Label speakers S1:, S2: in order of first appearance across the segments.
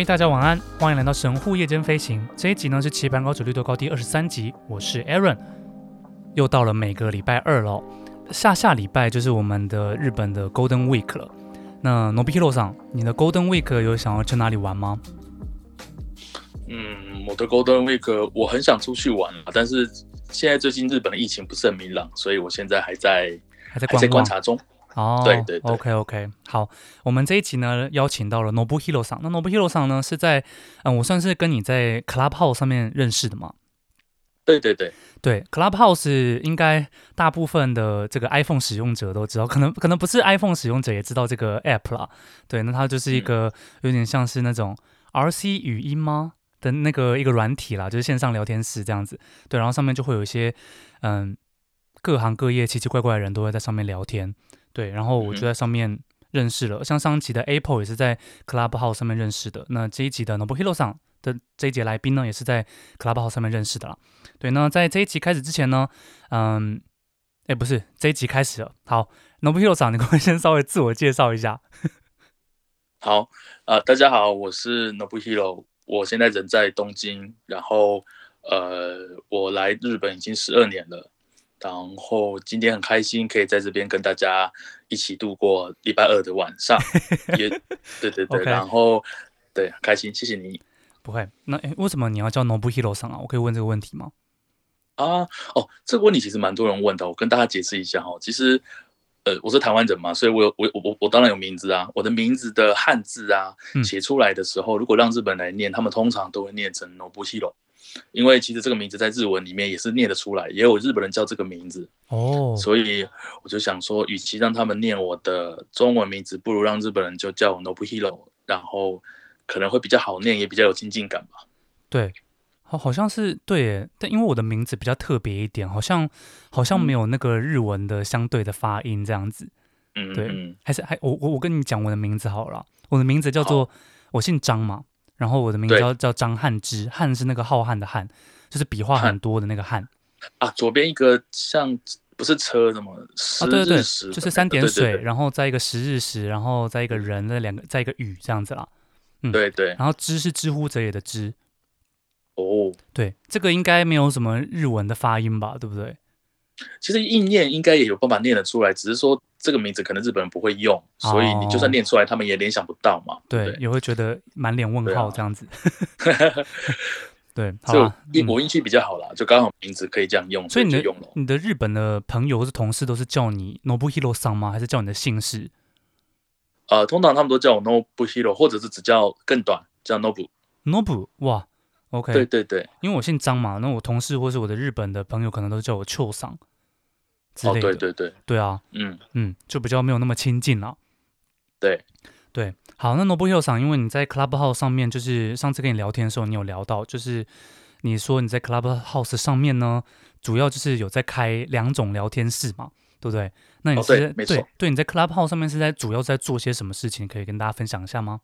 S1: Hey, 大家晚安，歡迎來到神戶夜間飛行。這一集呢是棋盤稿紙綠豆糕第二十三集。我是 Aaron，又到了每個禮拜二了。下下禮拜就是我們的日本的 Golden Week 了。那 Nobuhiro さん，你的 Golden Week 有想要去哪裡玩嗎？嗯，
S2: 我的 Golden Week 我很想出去玩，但是現在最近日本的疫情不是很明朗，所以我現在還在還在,還在觀察中。哦，oh, 對對，對
S1: o、okay, k OK，好，我們這一集呢邀請到了のぶひろさん，那のぶひろさん呢是在，嗯，我算是跟你在 Clubhouse 上面認識的嘛？
S2: 對對對，
S1: 對，Clubhouse 應該大部分的這個 iPhone 使用者都知道，可能可能不是 iPhone 使用者也知道這個 App 啦，對，那它就是一個有點像是那種 RC 語音嗎的那個一個軟體啦，就是線上聊天室這樣子，對，然後上面就會有一些，嗯，各行各業奇奇怪怪的人都會在上面聊天。對，然後我就在上面認識了，嗯、像上一集的 Apple 也是在 Clubhouse 上面認識的。那這一集的 Nobuhiro、oh、上的這一節來賓呢，也是在 Clubhouse 上面認識的啦。對，那在這一集開始之前呢，嗯，哎，不是，這一集開始了。好，Nobuhiro、oh、上，你可不可以先稍微自我介紹一下？
S2: 好，呃，大家好，我是 Nobuhiro，、oh、我現在人在東京，然後呃，我來日本已經十二年了。然後今天很開心，可以在這邊跟大家一起度過禮拜二的晚上。 也對對對，Okay. 然後對，很開心，謝謝你。
S1: 不會，那誒，為什麼你要叫 Nobuhiro さん啊？我可以問這個問題嗎？
S2: 啊，哦，這個問題其實蠻多人問的。我跟大家解釋一下哦，其實呃，我是台灣人嘛，所以我有我我我當然有名字啊。我的名字的漢字啊，嗯、寫出來的時候，如果讓日本人來念，他們通常都會念成 Nobuhiro 因為其實這個名字在日文裡面也是念得出來，也有日本人叫這個名字哦，所以我就想說，與其讓他們念我的中文名字，不如讓日本人就叫 Nobuhiro，然後可能會比較好念，也比較有親近感吧。
S1: 對，好好像是對，但因為我的名字比較特別一點，好像好像沒有那個日文的相對的發音這樣子。嗯，對，還是還我我我跟你講我的名字好了，我的名字叫做好我姓張嘛。然後我的名字叫對叫張漢之，漢是那個浩瀚的瀚，就是筆畫
S2: 很多的那個漢啊。左邊一個像不是車什麼？的啊，對，對對，就是三點水，對對對
S1: 對，然後再一個十日時，然後再一個人，那兩個再一個雨這樣子啦。嗯，對對。然後之是之乎者也的之。哦，對，這個應該沒有什麼日文的發音吧，對不對？
S2: 其實硬念應該也有辦法念得出來，只是說。這個名字可能日本人不會用，所以你就算念出來，他們也聯想不到嘛。
S1: Oh. 對，也會覺得滿臉問號、啊、這樣子。 對，就
S2: 了，我運氣比較好啦，就剛好名字可以這樣用，所以你
S1: 用了你的。你的日本的朋友或是同事都是叫你 Nobu Hiro 桑嗎？還是叫你的姓氏？
S2: 呃，通常他們都叫我 Nobu、uh、Hiro，或者是只叫更短，叫 Nobu。
S1: Nobu，哇，OK，對對對，因為我姓張嘛，那我同事或是我的日本的朋友可能都是叫我張桑。哦，對對對，對啊，嗯嗯，就比較沒有那麼親近了。對對，好，那のぶひろさん，因為你在 Clubhouse 上面，就是上次跟你聊天的時候，你有聊到，就是你說你在 Clubhouse 上面呢，主要就是有在開兩種聊天室嘛，對不對？那你在、哦、對沒錯，對，你在 Clubhouse 上面是在主要在做些什麼事情，可以跟大家分享一下嗎？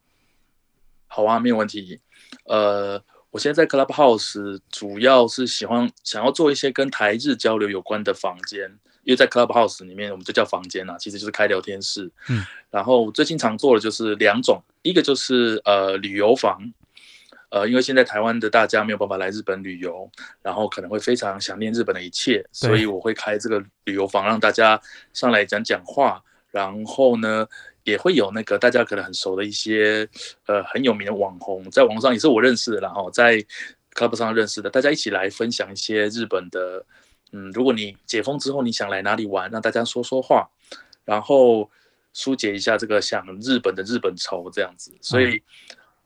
S2: 好啊，沒有問題。呃，我現在，在 Clubhouse 主要是喜歡想要做一些跟台日交流有關的房間。因為在 Clubhouse 裡面，我們就叫房間啦、啊，其實就是開聊天室。嗯、然後最經常做的就是兩種，一個就是呃旅遊房，呃，因為現在台灣的大家沒有辦法來日本旅遊，然後可能會非常想念日本的一切，嗯、所以我會開這個旅遊房，讓大家上來講講話。然後呢，也會有那個大家可能很熟的一些呃很有名的網紅，在網上也是我認識的，然後在 Club 上認識的，大家一起來分享一些日本的。嗯，如果你解封之後你想來哪裡玩，讓大家說說話，然後疏解一下這個想日本的日本愁這樣子，所以、嗯、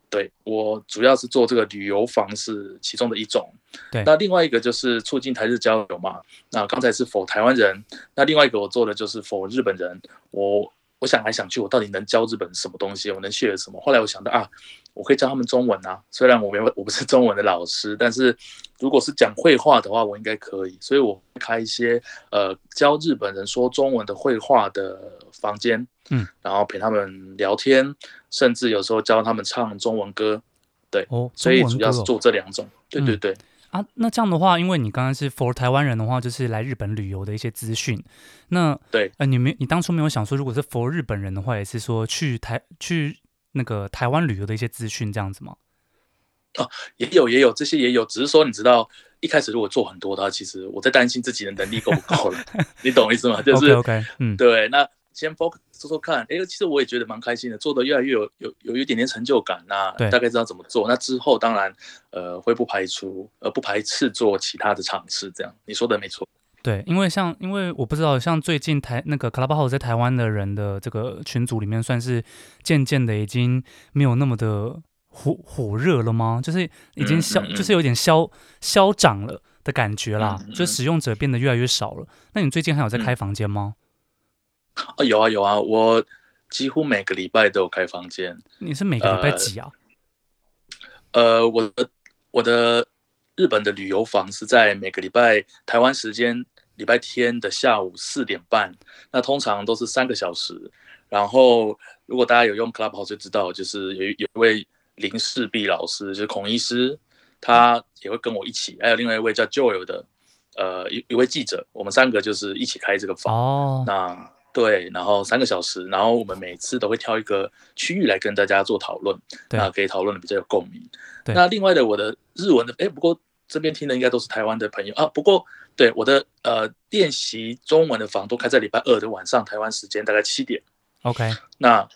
S2: 對，我主要是做這個旅遊房是其中的一種，對，那另外一個就是促進台日交流嘛，那剛才是否臺灣人，那另外一個我做的就是否日本人，我。我想來想去，我到底能教日本什麼東西？我能學什麼？後來我想到啊，我可以教他們中文啊。雖然我沒有我不是中文的老師，但是如果是講會話的話，我應該可以。所以，我開一些呃教日本人說中文的會話的房間，嗯，然後陪他們聊天，甚至有時候教他們唱中文歌，對。哦，中文歌。所以主要是做這兩種，嗯，對對對。
S1: 啊，那這樣的話，因為你剛才是 for 台灣人的話，就是來日本旅遊的一些資訊，那對，呃，你沒，你當初沒有想說，如果是 for 日本人的話，也是說去台去那個台灣旅遊的一些資訊這樣子嗎？
S2: 哦、啊，也有也有這些也有，只是說你知道，一開始如果做很多的話，其實我在擔心自己的能力夠不夠了， 你懂我意思嗎？就是 okay, OK，嗯，對，那。先 focus 說說看，哎，其實我也覺得蠻開心的，做得越來越有有有一點點成就感吶、啊。對，大概知道怎麼做。那之後當然，呃，會不排除，呃，不排斥做其他的嘗試。這樣你說的沒錯。對，
S1: 因為像，因為我不知道，像最近台那個 Clubhouse 在台灣的人的這個群組裡面，算是漸漸的已經沒有那麼的火火熱了嗎？就是已經消，嗯嗯嗯、就是有點消消長了的感覺啦。嗯嗯、就使用者變得越來越少了。那你最近還有在開房間嗎？嗯嗯嗯
S2: 啊、哦，有啊有啊，我幾乎每個禮拜都有開房間。你是每個禮拜幾啊？呃，呃，我我的日本的旅遊房是在每個禮拜台灣時間禮拜天的下午四點半，那通常都是三個小時。然後如果大家有用 Clubhouse 就知道，就是有一、有一位林世璧老師，就是孔醫師，他也會跟我一起，哦、還有另外一位叫 Joey 的，呃，一一位記者，我們三個就是一起開這個房。哦、那對，然後三個小時，然後我們每次都會挑一個區域來跟大家做討論，對那可以討論得比較有共鳴。對那另外的我的日文的誒，不過這邊聽的應該都是台灣的朋友啊。不過對我的呃練習中文的房，都開在禮拜二的晚上，台灣時間大概七點。OK，那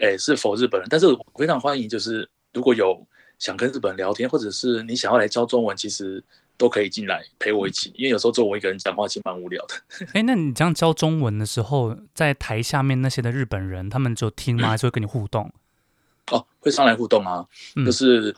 S2: 哎，是否日本人？但是我非常歡迎，就是如果有想跟日本人聊天，或者是你想要來教中文，其實。都可以進來陪我一起，因為有時候只有我一個人講話其實蠻無聊的。
S1: 哎、欸，那你這樣教中文的時候，在台下面那些的日本人，他們就聽嗎？就、嗯、會跟你互動？
S2: 哦，會上來互動啊，嗯、就是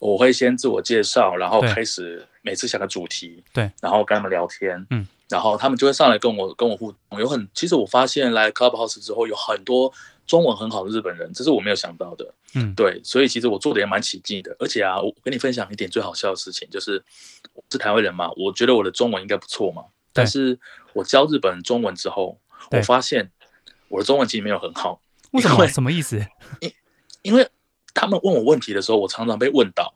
S2: 我會先自我介紹，然後開始每次想個主題，對，然後跟他們聊天，嗯對，然後他們就會上來跟我跟我互動。有很，其實我發現來 Clubhouse 之後，有很多。中文很好的日本人，這是我沒有想到的。嗯，對，所以其實我做的也蠻奇蹟的。而且啊，我跟你分享一點最好笑的事情，就是我是台灣人嘛，我覺得我的中文應該不錯嘛。對但是我教日本人中文之後，對我發現我的中文其實沒有很好。對為,
S1: 為什麼會？什麼意思？
S2: 因為因為他們問我問題的時候，我常常被問到，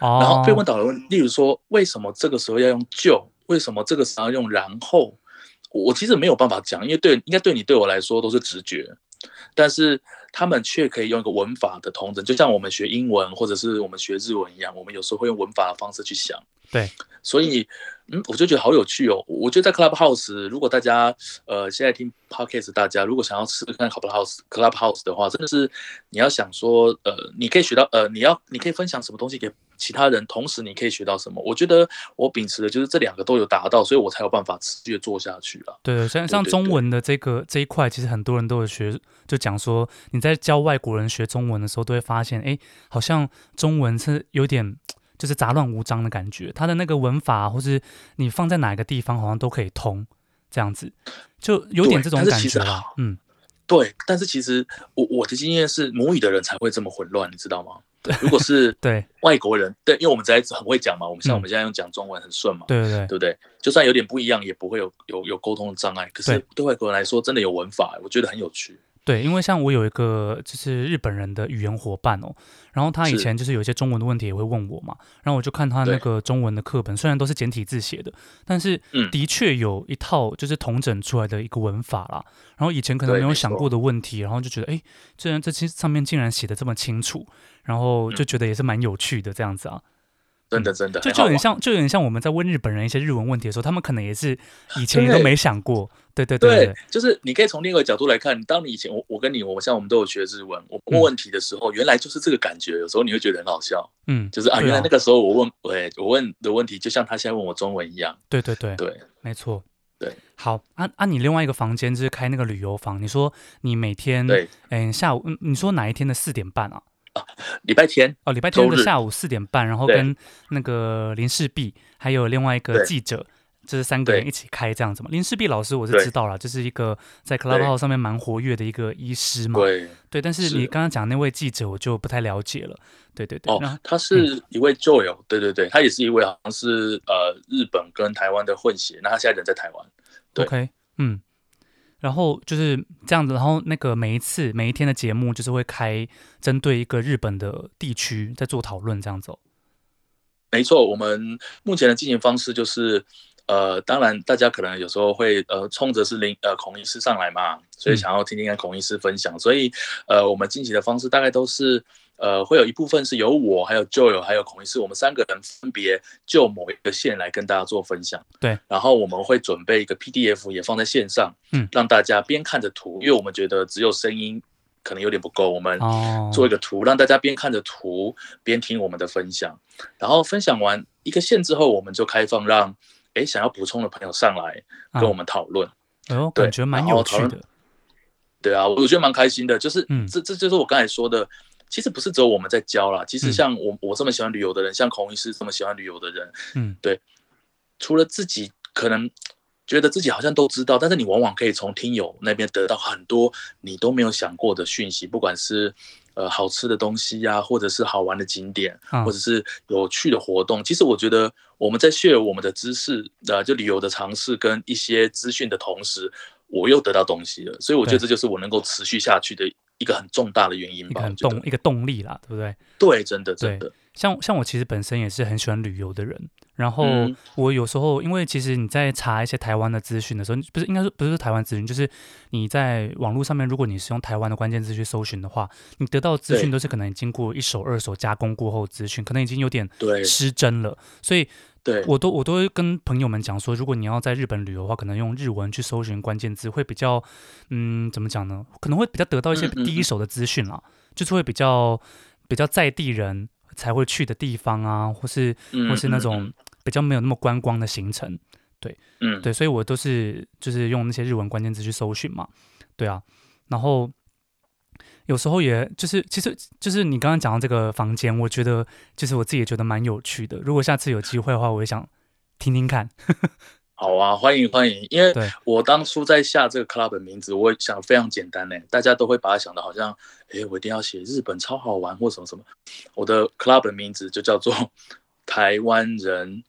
S1: 哦、然後被問
S2: 到的問，例如說，為什麼這個時候要用就？為什麼這個時候要用然後？我,我其實沒有辦法講，因為對應該對你對我來說都是直覺。但是他們卻可以用一個文法的統整，就像我們學英文或者是我們學日文一樣，我們有時候會用文法的方式去想。
S1: 對，
S2: 所以嗯，我就覺得好有趣哦。我覺得在 Clubhouse，如果大家呃現在聽 Podcast，大家如果想要試試看 Clubhouse Clubhouse 的話，真的是你要想說呃，你可以學到呃，你要你可以分享什麼東西給。其他人同時，你可以學到什麼？我覺得我秉持的就是這兩個都有達到，所以我才有辦法持續的做下去了。
S1: 對、對，雖然像中文的這個對對對這一塊，其實很多人都有學，就講說你在教外國人學中文的時候，都會發現，哎、欸，好像中文是有點就是雜亂無章的感覺，它的那個文法，或是你放在哪個地方，好像都可以通，這樣子，就有點這種感覺吧，其實嗯。
S2: 對，但是其實我我的經驗是母語的人才會這麼混亂，你知道嗎？對，如果是對外國人， 對，對，因為我們在很會講嘛，我們像我們現在用講中文很順嘛，嗯、對，對對，對不對？就算有點不一樣，也不會有有有溝通的障礙。可是對外國人來說，真的有文法，我覺得很有趣。
S1: 對，因為像我有一個就是日本人的語言夥伴哦，然後他以前就是有一些中文的問題也會問我嘛，然後我就看他那個中文的課本，對雖然都是簡體字寫的，但是的確有一套就是統整出來的一個文法啦。然後以前可能沒有想過的問題，然後就覺得哎，雖然這期上面竟然寫的這麼清楚，然後就覺得也是蠻有趣的這樣子啊。
S2: 真的真的，就就很
S1: 像，就有點像我們在問日本人一些日文問題的時候，他們可能也是以前都沒想過。對對對，
S2: 就是你可以從另一個角度來看。當你以前我我跟你，我像我們都有學日文，我問問題的時候，原來就是這個感覺。有時候你會覺得很好笑，嗯，就是啊，原來那個時候我問我問的問題，就像他現在問我中文一樣。對對對對，
S1: 沒錯。對，好，啊啊你另外一個房間就是開那個旅遊房。你說你每天對，嗯，下午，你說哪一天的四點半啊？禮拜天哦，禮拜天的下午四點半，日然後跟那個林氏璧還有另外一個記者，對就是三個人一起開這樣子嘛。對林氏璧老師我是知道了，對就是一個在 Clubhouse 上面蠻活躍的一個醫師嘛。對對，但是你剛剛講那位記者我就不太了解了。對對對，
S2: 他是一位舊友。嗯、對對對，他也是一位好像是呃日本跟台灣的混血，那他現在人在台灣。
S1: 對，okay, 嗯。然後就是這樣子，然後那個每一次每一天的節目就是會開，針對一個日本的地區在做討論這樣子。
S2: 哦。沒錯，我們目前的進行方式就是，呃，當然大家可能有時候會呃衝着是林呃孔醫師上來嘛，所以想要聽聽跟孔醫師分享，所以呃我們進行的方式大概都是。呃，會有一部分是由我、還有 Joy 還有孔醫師，我們三個人分別就某一個線來跟大家做分享。對，然後我們會準備一個 PDF 也放在線上，嗯，讓大家邊看着圖，因為我們覺得只有聲音可能有點不夠，我們做一個圖、哦、讓大家邊看着圖邊聽我們的分享。然後分享完一個線之後，我們就開放讓哎、欸、想要補充的朋友上來跟我們討論。
S1: 哦、嗯。對呃，感覺蠻有趣的。
S2: 對啊，我我覺得蠻開心的，就是、嗯、這這就是我剛才說的。其實不是只有我們在教啦，其實像我、嗯、我這麼喜歡旅遊的人，像孔醫師這麼喜歡旅遊的人，嗯，對，除了自己可能覺得自己好像都知道，但是你往往可以從聽友那邊得到很多你都沒有想過的訊息，不管是呃好吃的東西呀、啊，或者是好玩的景點，啊、或者是有趣的活動。其實我覺得我們在 share 我們的知識，呃，就旅遊的嘗試跟一些資訊的同時，我又得到東西了，所以我覺得這就是我能夠持續下去的。一個很重大的原因吧，一個很
S1: 動一個動力啦，對不對？
S2: 對，真的真的。對真的，
S1: 像像我其實本身也是很喜歡旅遊的人。然後我有時候，因為其實你在查一些台灣的資訊的時候，不是應該說不是台灣資訊，就是你在網絡上面，如果你是用台灣的關鍵字去搜尋的話，你得到的資訊都是可能經過一手、二手加工過後資訊，可能已經有點失真了。所以，我都我都會跟朋友們講說，如果你要在日本旅遊的話，可能用日文去搜尋關鍵字會比較，嗯，怎麼講呢？可能會比較得到一些第一手的資訊啦，就是會比較比較在地人才會去的地方啊，或是或是那種。比較沒有那麼觀光的行程，對，嗯，對，所以我都是就是用那些日文關鍵字去搜尋嘛，對啊，然後有時候也就是其實就是你剛剛講到這個房間，我覺得其實我自己也覺得蠻有趣的。如果下次有機會的話，我也想聽聽看。
S2: 好啊，歡迎歡迎，因為我當初在下這個 club 的名字，我想非常簡單嘞，大家都會把它想的好像，哎、欸，我一定要寫日本超好玩或什麼什麼，我的 club 的名字就叫做台灣人。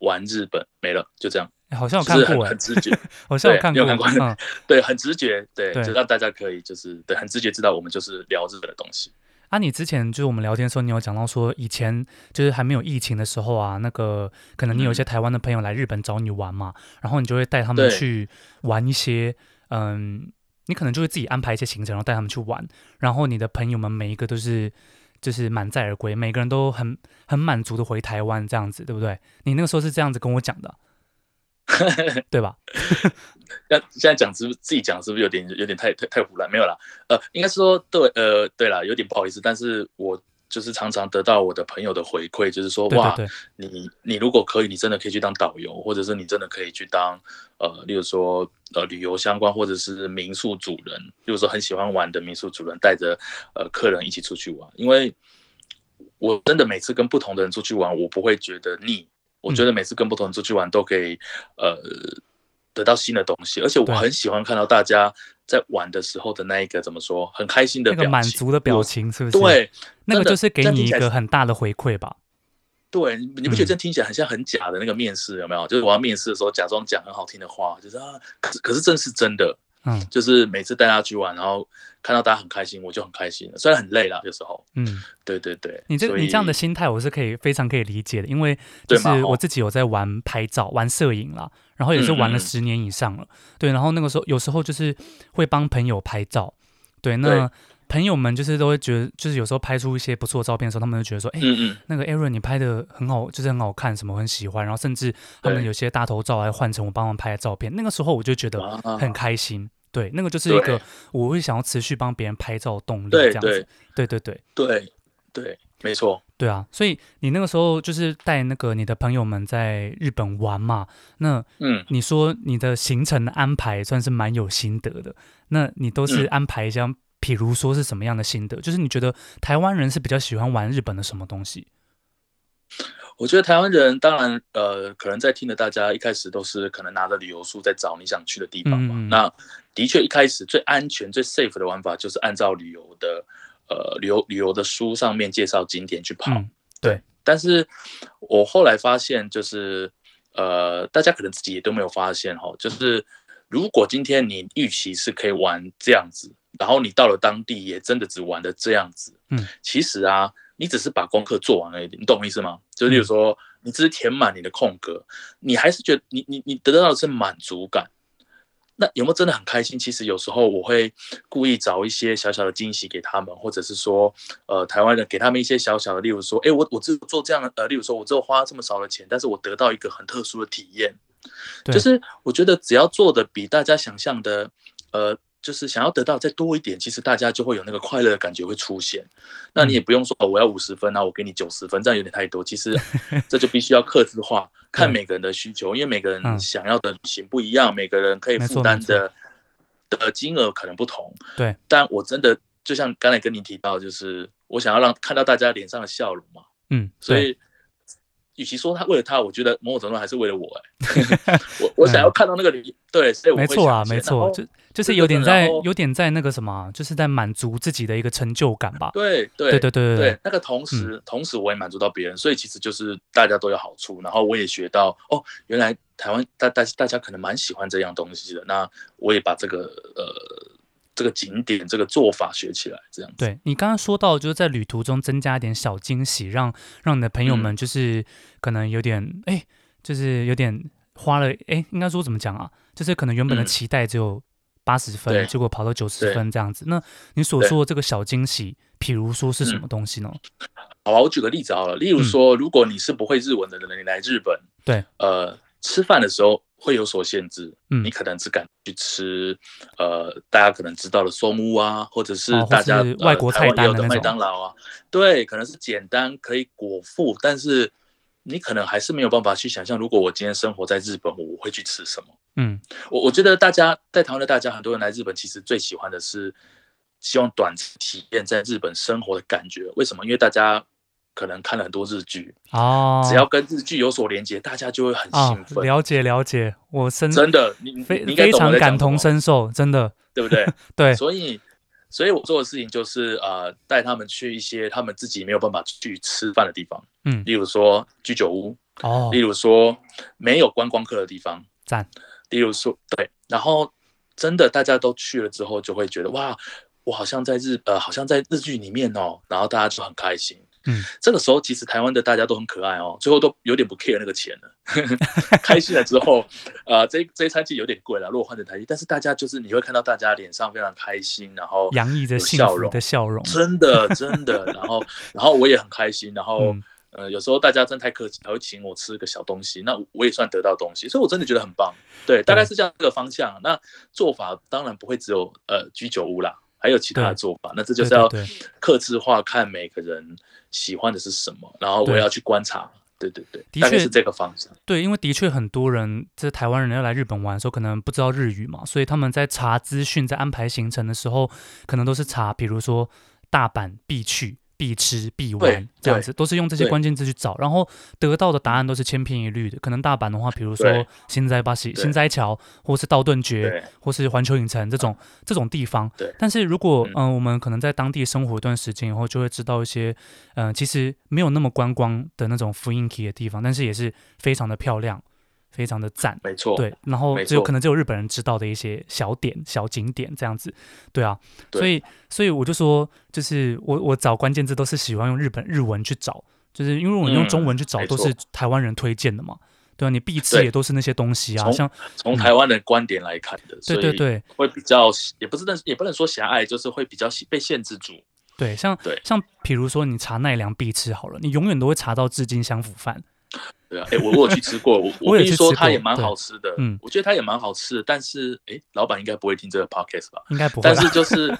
S2: 玩日本沒了，就這樣。好像我看過，很直覺。好像我看過，沒有看過、嗯、 對，很直覺，對，對就讓大家可以就是對，很直覺知道我們就是聊日本的東西。
S1: 啊，你之前就是我們聊天的時候，你有講到說以前就是還沒有疫情的時候啊，那個可能你有一些台灣的朋友來日本找你玩嘛，嗯、然後你就會帶他們去玩一些，對嗯，你可能就會自己安排一些行程，然後帶他們去玩。然後你的朋友們每一個都是。就是滿載而歸，每個人都很很滿足的回台灣這樣子，對不對？你那個時候是這樣子跟我講的， 對吧？那
S2: 現在講是不是自己講是不是有點有點太太太唬了？沒有啦，呃，應該是說對，呃，對了，有點不好意思，但是我。就是常常得到我的朋友的回饋，就是說哇，對對對，你你如果可以，你真的可以去當導遊，或者是你真的可以去當呃，例如說呃旅遊相關，或者是民宿主人，就是說很喜歡玩的民宿主人，帶着呃客人一起出去玩。因為我真的每次跟不同的人出去玩，我不會覺得膩。嗯、我覺得每次跟不同人出去玩都可以呃得到新的東西，而且我很喜歡看到大家。在玩的時候的那一個怎麼說？很開心的那個滿足
S1: 的表情哇是不是？對，那個就是給你一個很大的回饋吧。
S2: 對，你不覺得這聽起來很像很假的那個面試，嗯、有沒有？就是我要面試的時候假裝講很好聽的話，就是啊，可是可是這是真的。嗯，就是每次帶他去玩，然後看到大家很開心，我就很開心，雖然很累了有時候。嗯，對對對，你這你這樣的
S1: 心態我是可以非常可以理解的，因為就是我自己有在玩拍照、玩攝影啦。然後也是玩了十年以上了，嗯嗯對。然後那個時候，有時候就是會幫朋友拍照，對。那對朋友們就是都會覺得，就是有時候拍出一些不錯的照片的時候，他們就覺得說：“誒，嗯嗯那個 Aaron 你拍得很好，就是很好看，什麼很喜歡。”然後甚至他們有些大頭照還換成我幫忙拍的照片。對，那個時候我就覺得很開心，啊啊啊對。那個就是一個我會想要持續幫別人拍照的動力，這樣子。對對，對對對對
S2: 對對，沒錯。
S1: 對啊，所以你那個時候就是帶那個你的朋友們在日本玩嘛，那嗯，你說你的行程的安排算是蠻有心得的，那你都是安排像，譬如說是什麼樣的心得？嗯、就是你覺得台灣人是比較喜歡玩日本的什麼東西？
S2: 我覺得台灣人當然，呃，可能在聽的大家一開始都是可能拿着旅遊書在找你想去的地方嘛。嗯嗯。那的確一開始最安全、最 safe 的玩法就是按照旅遊的。呃，旅遊旅遊的書上面介紹景點去跑，嗯、對，對。但是我後來發現，就是呃，大家可能自己也都沒有發現哈，就是如果今天你預期是可以玩這樣子，然後你到了當地也真的只玩的這樣子，嗯，其實啊，你只是把功課做完了，你懂我意思嗎？就是比如說，嗯、你只是填滿你的空格，你還是覺得你你你得到的是滿足感。那有沒有真的很開心？其實有時候我會故意找一些小小的驚喜給他們，或者是說，呃，台灣人給他們一些小小的，例如說，哎、欸，我我只有做這樣，呃，例如說，我只有花了這麼少的錢，但是我得到一個很特殊的體驗。對 就是我覺得只要做的比大家想象的，呃，就是想要得到再多一點，其實大家就會有那個快樂的感覺會出現。嗯、那你也不用說，我要五十分那、啊、我給你九十分，這樣有點太多。其實這就必須要客製化。 對看每個人的需求，因為每個人想要的旅行不一樣，嗯，每個人可以負擔的的金額可能不同。對，但我真的就像剛才跟你提到，就是我想要讓看到大家臉上的笑容嘛。嗯，所以。與其說他為了他，我覺得某種程度還是為了我哎、欸， 我我想要看到那個 對，所對，沒錯啊，沒錯，後就就是有點在
S1: 對後有點在那個什麼，就是在滿足自己的一個成就感吧。對對，對對對對對對，那個同時、嗯、
S2: 同時我也滿足到別人，所以其實就是大家都有好處，然後我也學到哦，原來台灣大大大家可能蠻喜歡這樣東西的，那我也把這個呃。這個景點，這個做法學起來這樣子。對，你
S1: 剛剛說到，就是在旅途中增加一點小驚喜，讓讓你的朋友們就是可能有點哎、嗯，就是有點花了哎，應該說怎麼講啊？就是可能原本的期待只有八十分，嗯、結果跑到九十分這樣子。對那你所說的這個小驚喜，對譬如說是什麼東西呢？
S2: 好吧，我舉個例子好了。例如說，嗯、如果你是不會日文的人，你來日本，對，呃，吃飯的時候。會有所限制，你可能只敢去吃，呃，大家可能知道的松屋啊，或者是大家，啊、是外國才有的麥、呃，當勞啊，對，可能是簡單可以果腹，但是你可能還是沒有辦法去想象，如果我今天生活在日本，我會去吃什麼？嗯，我我覺得大家在台灣的大家，很多人來日本其實最喜歡的是希望短期體驗在日本生活的感覺，為什麼？因為大家。可能看了很多日劇、哦、只要跟日劇有所連接，大家就會很興奮、
S1: 哦。了解了解，我深真的你非你應該懂非常感同身受，真的
S2: 對不對？ 對，所以所以我做的事情就是呃，帶他們去一些他們自己沒有辦法去吃飯的地方，嗯，例如說居酒屋哦，例如說沒有觀光客的地方，讚讚，例如說對，然後真的大家都去了之後，就會覺得哇，我好像在日呃，好像在日劇裡面哦，然後大家就很開心。嗯，這個時候其實台灣的大家都很可愛哦，最後都有點不 care 那個錢了，呵呵開心了之後，啊、呃，這這一餐其實有點貴了，如果換成台幣，但是大家就是你會看到大家臉上非常開心，然後洋溢着笑容的笑容，真的真的，然後 然後我也很開心，然後呃有時候大家真太客氣，還會請我吃個小東西，那我也算得到東西，所以我真的覺得很棒，對，嗯、大概是這樣這個方向，那做法當然不會只有呃居酒屋啦。還有其他的做法，對那這就是要客製化，對對對，看每個人喜歡的是什麼，然後我要去觀察，對，對對對，的確概是這個方向。
S1: 對，因為的確很多人這台灣人要來日本玩的時候，可能不知道日語嘛，所以他們在查資訊、在安排行程的時候，可能都是查，比如說大阪必去。必吃必玩這樣子，都是用這些關鍵字去找，對然後得到的答案都是千篇一律的。可能大阪的話，比如說對心齋巴西、對心齋橋，或是道頓堀，對或是環球影城這種、啊、這種地方。對但是如果嗯、呃，我們可能在當地生活一段時間以後，然後就會知道一些嗯、呃，其實沒有那麼觀光的那種雰囲氣的地方，但是也是非常的漂亮。非常的讚，沒錯，對，然後只有可能只有日本人知道的一些小點、小景點這樣子，對啊，所以所以我就說，就是我我找關鍵字都是喜歡用日本日文去找，就是因為我用中文去找都是台灣人推薦的嘛，對啊，你必吃也都是那些東西啊，像從台
S2: 灣的觀點來看的，對對對，會比較也不是，但是也不能說狹隘，就是會比較被限制住，
S1: 對，像對像比如說你查奈良必吃好了，你永遠都會查到志津香釜飯。
S2: 對啊，哎、欸，我我有去吃過，我我跟你說，它也蠻好吃的，嗯，我覺得它也蠻好吃但是，哎、欸，老闆應該不會聽這個 podcast 吧？應該不會。但是就是，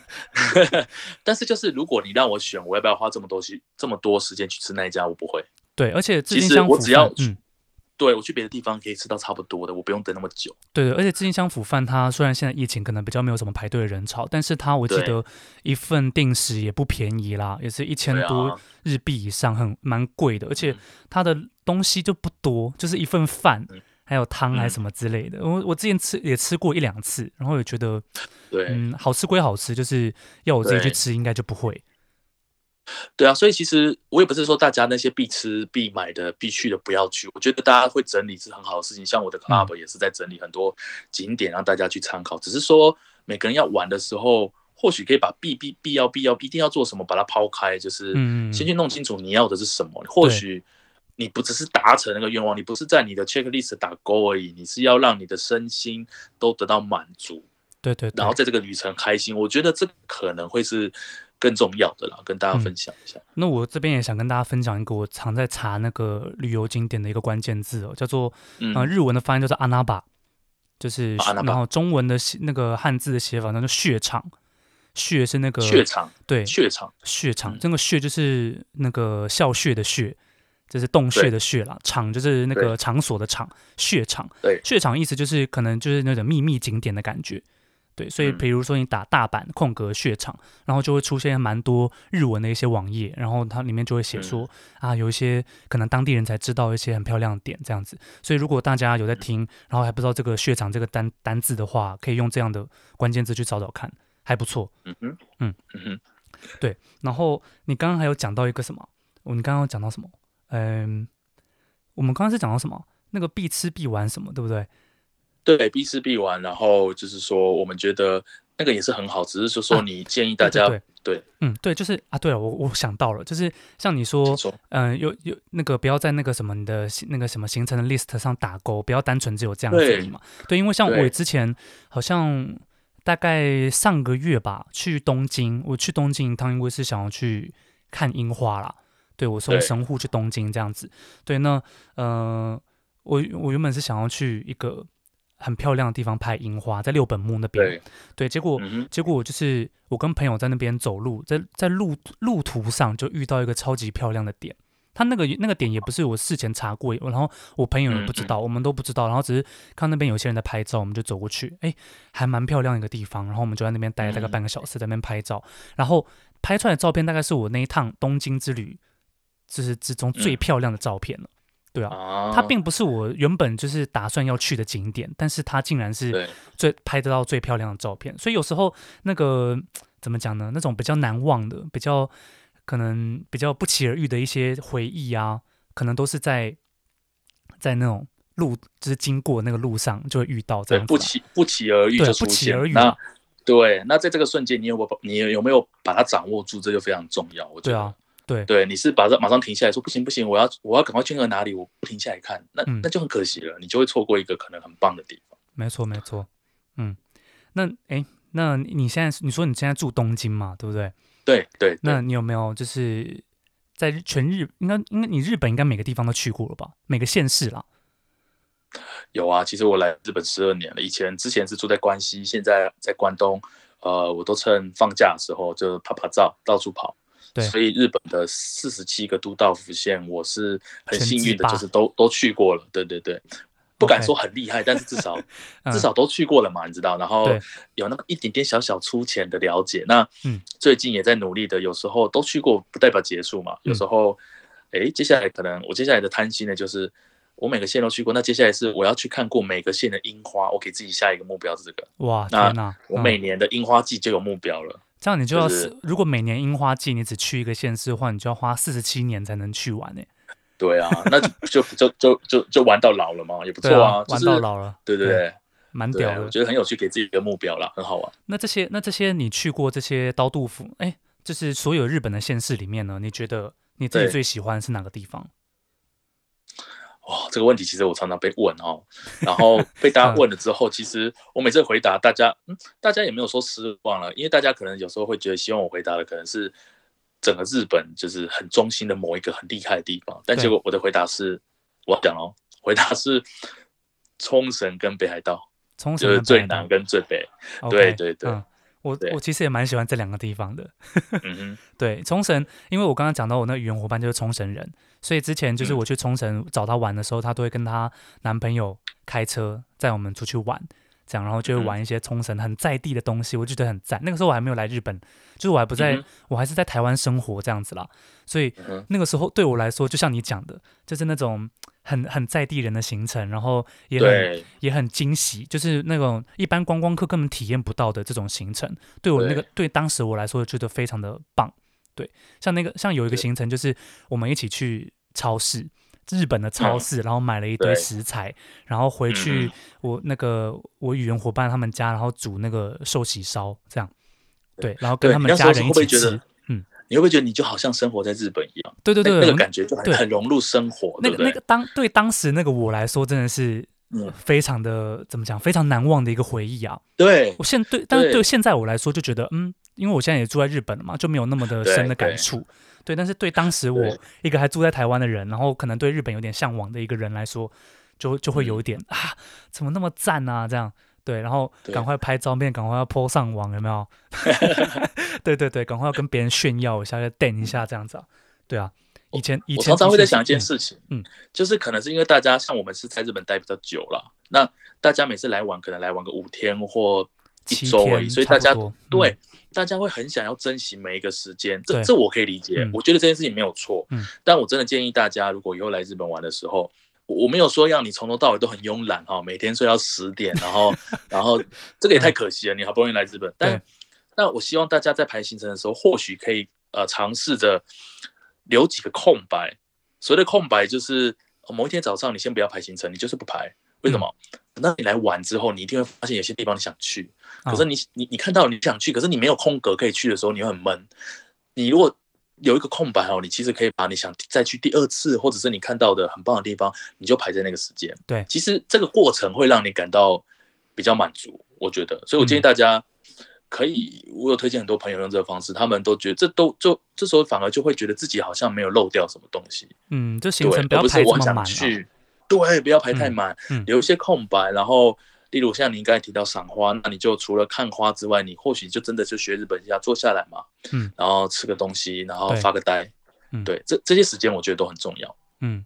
S2: 但是就是，如果你讓我選，我要不要花這麼多去這麼多時間去吃那一家？我不會。對，而且，其實我只要去，嗯，對我去別的地方可以吃到差不多的，我不用等那麼久。
S1: 對對，而且，志津香釜飯它雖然現在疫情可能比較沒有什麼排隊的人潮，但是它我記得一份定食也不便宜啦，對，也是一千多日幣以上，很蠻貴的，而且它的。東西就不多，就是一份飯，還有湯，還是什麼之類的。我、嗯、我之前吃也吃過一兩次，然後也覺得，對，嗯，好吃歸好吃，就是要我自己去吃，對應該就不會。
S2: 對啊，所以其實我也不是說大家那些必吃、必買的、必去的不要去。我覺得大家會整理是很好的事情，像我的 club、嗯、也是在整理很多景點讓大家去參考。只是說每個人要玩的時候，或許可以把必必必要必要必一定要做什麼把它拋開，就是先去弄清楚你要的是什麼，嗯、或許。你不只是達成那個願望，你不是在你的 checklist 打勾而已，你是要讓你的身心都得到滿足。
S1: 對，對對，然後
S2: 在這個旅程開心，我覺得這可能會是更重要的了，跟大家分享一下、嗯。
S1: 那我這邊也想跟大家分享一個我常在查那個旅遊景點的一個關鍵字哦，叫做嗯日文的翻譯就是阿那巴，就是然後中文的寫那個漢字的寫法叫做穴場，穴是那個穴場，對穴場穴場，這個、嗯那個穴就是那個笑穴的穴。這是洞穴的穴啦，對場就是那個場所的場，對穴場。對穴場意思就是可能就是那種祕密景點的感覺，對。所以比如說你打大阪空格穴場，嗯、然後就會出現蠻多日文的一些網頁，然後它裡面就會寫說、嗯、啊，有一些可能當地人才知道一些很漂亮的點這樣子。所以如果大家有在聽，嗯、然後還不知道這個穴場這個單單字的話，可以用這樣的關鍵字去找找看，還不錯。嗯嗯嗯嗯。對。然後你剛剛還有講到一個什麼？你剛剛有講到什麼？嗯，我們剛剛是講到什麼？那個必吃必玩什麼，對不對？
S2: 對，必吃必玩。然後就是說，我們覺得那個也是很好，只是說說你建議大家、啊、對，對，對，
S1: 對，嗯，對，就是啊，對了，我我想到了，就是像你說，嗯說、呃，有有那個不要在那個什麼你的，那個什麼行程的 list 上打勾，不要單純只有這樣子嘛。對，對，因為像我之前對好像大概上個月吧，去東京，我去東京，一趟因為是想要去看櫻花啦。對，我從神戶去東京這樣子，對，對，那嗯、呃，我我原本是想要去一個很漂亮的地方拍櫻花，在六本木那邊，對，對，結果、嗯、哼結果就是我跟朋友在那邊走路，在在路路途上就遇到一個超級漂亮的點，他那個那個點也不是我事前查過，然後我朋友也不知道，嗯、哼我們都不知道，然後只是看那邊有些人在拍照，我們就走過去，誒，還蠻漂亮一個地方，然後我們就在那邊待了大概半個小時，在那邊拍照，嗯、哼然後拍出來的照片大概是我那一趟東京之旅。就是之中最漂亮的照片了，嗯、對啊，啊它並不是我原本就是打算要去的景點，但是它竟然是最對拍得到最漂亮的照片，所以有時候那個怎麼講呢？那種比較難忘的，比較可能比較不期而遇的一些回憶啊，可能都是在在那種路就是經過那個路上就會遇到這樣子，不期
S2: 不期而遇就，對不期而遇那，對，那在這個瞬間你有不你有沒有把它掌握住，這就非常重要，我覺得，對啊。對對，你是把這馬上停下來說，不行不行，我要我要趕快去那哪裡，我不停下來看，那、嗯、那就很可惜了，你就會錯過一個可能很棒的地方。
S1: 沒錯沒錯，嗯，那哎，那你現在你說你現在住東京嘛，對不對？對對，對對，那你有沒有就是在全日應該應該你日本應該每個地方都去過了吧？每個縣市啦。
S2: 有啊，其實我來日本十二年了，以前之前是住在關西，現在在關東，呃，我都趁放假的時候就拍拍照，到處跑。對，所以日本的四十七個都道府縣，我是很幸運的，就是都都去過了。對對對，不敢說很厲害，但是至少至少都去過了嘛，嗯、你知道。然後有那麼一點點小小粗淺的了解。對那最近也在努力的，有時候都去過不代表結束嘛。嗯、有時候，哎，接下來可能我接下來的貪心呢，就是我每個縣都去過。那接下來是我要去看過每個縣的櫻花，我給自己下一個目標是這個。哇，那我每年的櫻花季就有目標了。嗯這樣你就要，就是、
S1: 如果每年櫻花季你只去一個縣市的話，你就要花四十七年才能去完誒、欸。
S2: 對啊，那就 就就就就玩到老了嘛，也不錯啊，啊就是、玩到老了，對不對，對？蠻屌的、啊，我覺得很有趣，給自己一個目標了，很好玩。
S1: 那這些那這些你去過這些都道府，哎、欸，就是所有日本的縣市裡面呢，你覺得你自己最喜歡是哪個地方？
S2: 哦，這個問題其實我常常被問哦，然後被大家問了之後， 嗯、其實我每次回答大家，嗯，大家也沒有說失望了，因為大家可能有時候會覺得，希望我回答的可能是整個日本就是很中心的某一個很厲害的地方，但結果我的回答是，對我要講哦，回答是沖繩跟北海道，北海道就是最南跟最北。Okay, 對對對，
S1: 嗯、我對我其實也蠻喜歡這兩個地方的。 對，沖繩，因為我剛剛講到我那語言夥伴就是沖繩人。所以之前就是我去沖繩找他玩的時候，他都會跟她男朋友開車載我們出去玩，這樣然後就會玩一些沖繩很在地的東西，我就覺得很讚。那個時候我還沒有來日本，就是我還不在，我還是在台灣生活這樣子啦。所以那個時候對我來說，就像你講的，就是那種很很在地人的行程，然後也很也很驚喜，就是那種一般觀光客根本體驗不到的這種行程，對我那個對當時我來說覺得非常的棒。對，像那個像有一個行程，就是我們一起去超市，日本的超市，然後買了一堆食材，然後回去我那個我語言夥伴他們家，然後煮那個壽喜燒，這樣對，然後跟他們家人一起吃，
S2: 嗯，你會不會覺得你就好像生活在日本一樣？對對對，那個感覺就很融入生活。那個那
S1: 個當對當時那個我來說，真的是非常的怎麼講，非常難忘的一個回憶啊。
S2: 對我現對，但是對現在我來
S1: 說，就覺得嗯。因為我現在也住在日本了嘛，就沒有那麼的深的感觸，對。但是對當時我一個還住在台灣的人，然後可能對日本有點向往的一個人來說，就就會有一點啊，怎麼那麼讚啊？這樣，對。然後趕快拍照片，趕快要 PO 上網，有沒有？對對對，趕快要跟別人炫耀一下，再電一下這樣子啊。對啊，以前以前我常常會在想一件事
S2: 情，嗯，就是可能是因為大家像我們是在日本待比較久了，那大家每次來玩可能來玩個五天或七天，所以大家對。大家會很想要珍惜每一個時間，對這這我可以理解，嗯、我覺得這件事情沒有錯。嗯、但我真的建議大家，如果以後來日本玩的時候，我我沒有說讓你從頭到尾都很慵懶哈、哦，每天睡到十點，然後 然後這個也太可惜了，嗯、你好不容易來日本，但,對但那我希望大家在排行程的時候，或許可以呃嘗試着留幾個空白。所謂的空白就是、哦、某一天早上你先不要排行程，你就是不排。為什麼？嗯、那你來玩之後，你一定會發現有些地方你想去。可是你你你看到你想去，可是你沒有空格可以去的時候，你會很悶。你如果有一個空白哦，你其實可以把你想再去第二次，或者是你看到的很棒的地方，你就排在那個時間。對，其實這個過程會讓你感到比較滿足，我覺得。所以我建議大家可以，嗯、我有推薦很多朋友用這個方式，他們都覺得這都就這時候反而就會覺得自己好像沒有漏掉什麼東西。
S1: 嗯，這行程不要排太滿、啊。對，去
S2: 哦、對，不要排太滿，嗯嗯、留一些空白，然後。例如像你剛才提到賞花，那你就除了看花之外，你或許就真的就學日本一樣坐下來嘛，嗯，然後吃個東西，然後發個呆，對對嗯，對，這這些時間我覺得都很重要，嗯，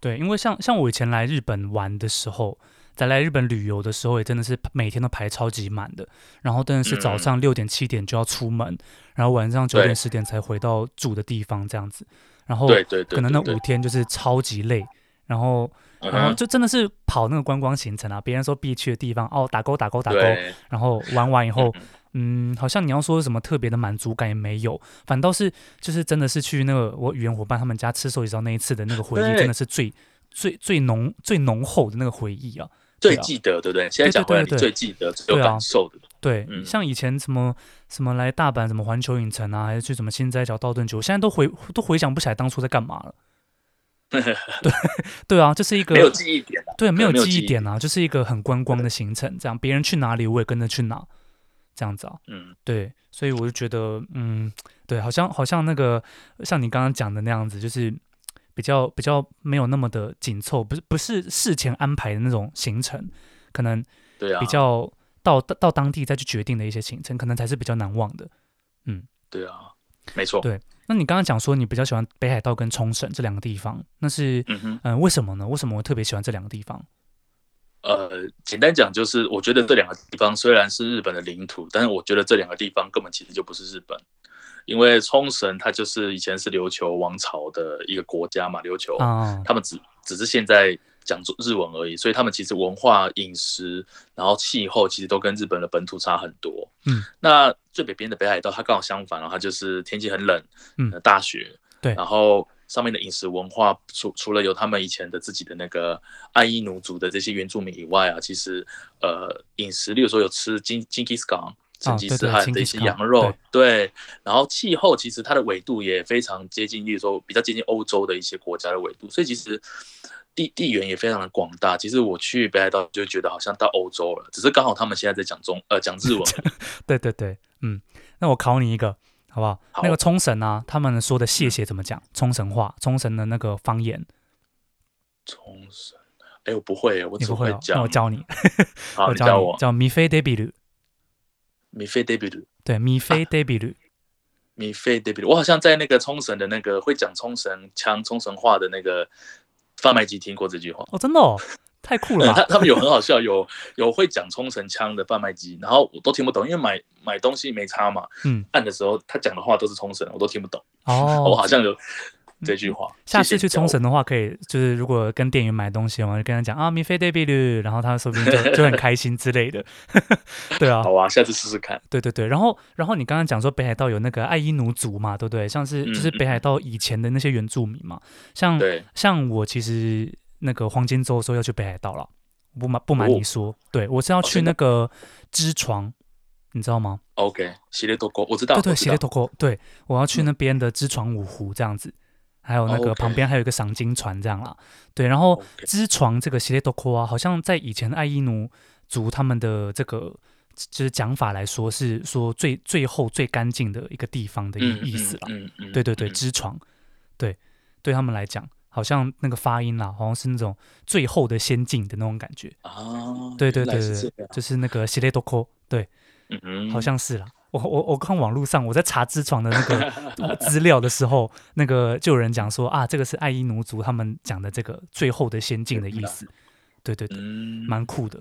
S1: 對，因為像像我以前來日本玩的時候，在來日本旅遊的時候，也真的是每天都排超級滿的，然後真的是早上六點七點就要出門，嗯、然後晚上九點十點才回到住的地方這樣子，對然後對對，可能那五天就是超級累。然後，uh huh. 然後就真的是跑那個觀光行程啊，別人說必去的地方，哦，打勾打勾打勾。對然後玩完以後， 嗯，好像你要說什麼特別的滿足感也沒有，反倒是就是真的是去那個我語言夥伴他們家吃壽喜燒那一次的那個回憶，真的是最對最最濃最濃厚的那個回憶啊，最記得，對不、啊、對？現在講的最記得最有感受的，對，啊、對，嗯、像以前什麼什麼來大阪什麼環球影城啊，還是去什麼心齋橋道頓堀，現在都回都回想不起來當初在幹嘛了。對， 對啊，就是一個沒有記憶點，對，沒有記憶點啊，點啊就是一個很觀光的行程，這樣、嗯、別人去哪裡我也跟着去哪，這樣子啊，嗯，對，所以我就覺得，嗯，對，好像好像那個像你剛剛講的那樣子，就是比較比較沒有那麼的緊湊，不是不是事前安排的那種行程，可能對啊，比較到到當地再去決定的一些行程，可能才是比較難忘的，
S2: 嗯，對啊，沒錯，對。
S1: 那你剛剛講說你比較喜歡北海道跟沖繩這兩個地方，那是嗯哼、呃，為什麼呢？為什麼我特別喜歡這兩個地方？
S2: 呃，簡單講就是，我覺得這兩個地方雖然是日本的領土，但是我覺得這兩個地方根本其實就不是日本。因為沖繩它就是以前是琉球王朝的一個國家嘛，琉球，哦、他們只只是現在講做日文而已，所以他們其實文化、飲食，然後氣候，其實都跟日本的本土差很多。嗯，那。最北邊的北海道，它剛好相反，啊，然後它就是天氣很冷，嗯、呃，大雪，對。然後上面的飲食文化，除除了有他們以前的自己的那個愛伊奴族的這些原住民以外啊，其實呃，飲食，例如說有吃金金雞斯港、成吉思汗的一些羊肉，哦、對，對，對，對，對。然後氣候，其實它的緯度也非常接近，例如說比較接近歐洲的一些國家的緯度，所以其實。地地緣也非常的廣大。其實我去北海道就覺得好像到歐洲了，只是剛好他們現在在講中呃講日文。
S1: 對對對，嗯，那我考你一個好不好？好那個沖繩啊，他們說的謝謝怎麼講沖繩話？沖繩的那個方言。沖
S2: 繩。哎，我不會，我只會講。會哦、我教你，
S1: 好我教你，你教我叫米菲德比魯。
S2: 米菲德比魯。
S1: 對，米菲德比魯。
S2: 米菲德比魯。我好像在那個沖繩的那個會講沖繩腔、沖繩話的那個。販賣機聽過這句話
S1: 哦，真的、哦、太酷了。他、嗯、他們有很
S2: 好笑，有有會講沖繩腔的販賣機，然後我都聽不懂，因為買買東西沒差嘛。嗯，按的時候他講的話都是沖繩，我都聽不懂。哦， 我好像有。這句話，下次去
S1: 沖繩的話，可以謝謝就是如果跟店員買東西，我就跟他講啊，米菲對比例，然後他說不定就就很開心之類的。
S2: 對啊，好啊，下次試試看。
S1: 對對對，然後然後你剛剛講說北海道有那個愛因奴族嘛，對不對？像是就是北海道以前的那些原住民嘛，嗯、像對像我其實那個黃金周的時候要去北海道了，不瞞不瞞、哦、你說，對我是要去那個知床，你知道嗎、
S2: 哦、？OK，謝里多溝，我知道。知道對對，喜里多
S1: 溝，我對我要去那邊的知床五湖這樣子。還有那個旁邊還有一個賞金船這樣啦，Okay. 對，然後知 Okay. 床這個系列托科啊，好像在以前愛依奴族他們的這個就是講法來說是說最最後最乾淨的一個地方的意思了，嗯嗯嗯嗯、對對對，知床，對，對他們來講好像那個發音啦，好像是那種最後的仙境的那種感覺啊，對、哦、對對對，是就是那個系列托科，嗯、哼對，好像是啦。我我我看網絡上，我在查知床的那個資料的時候， 那個就有人講說啊，這個是愛伊奴族他們講的這個最後的先進的意思，對對，對對對，蠻、嗯、酷的。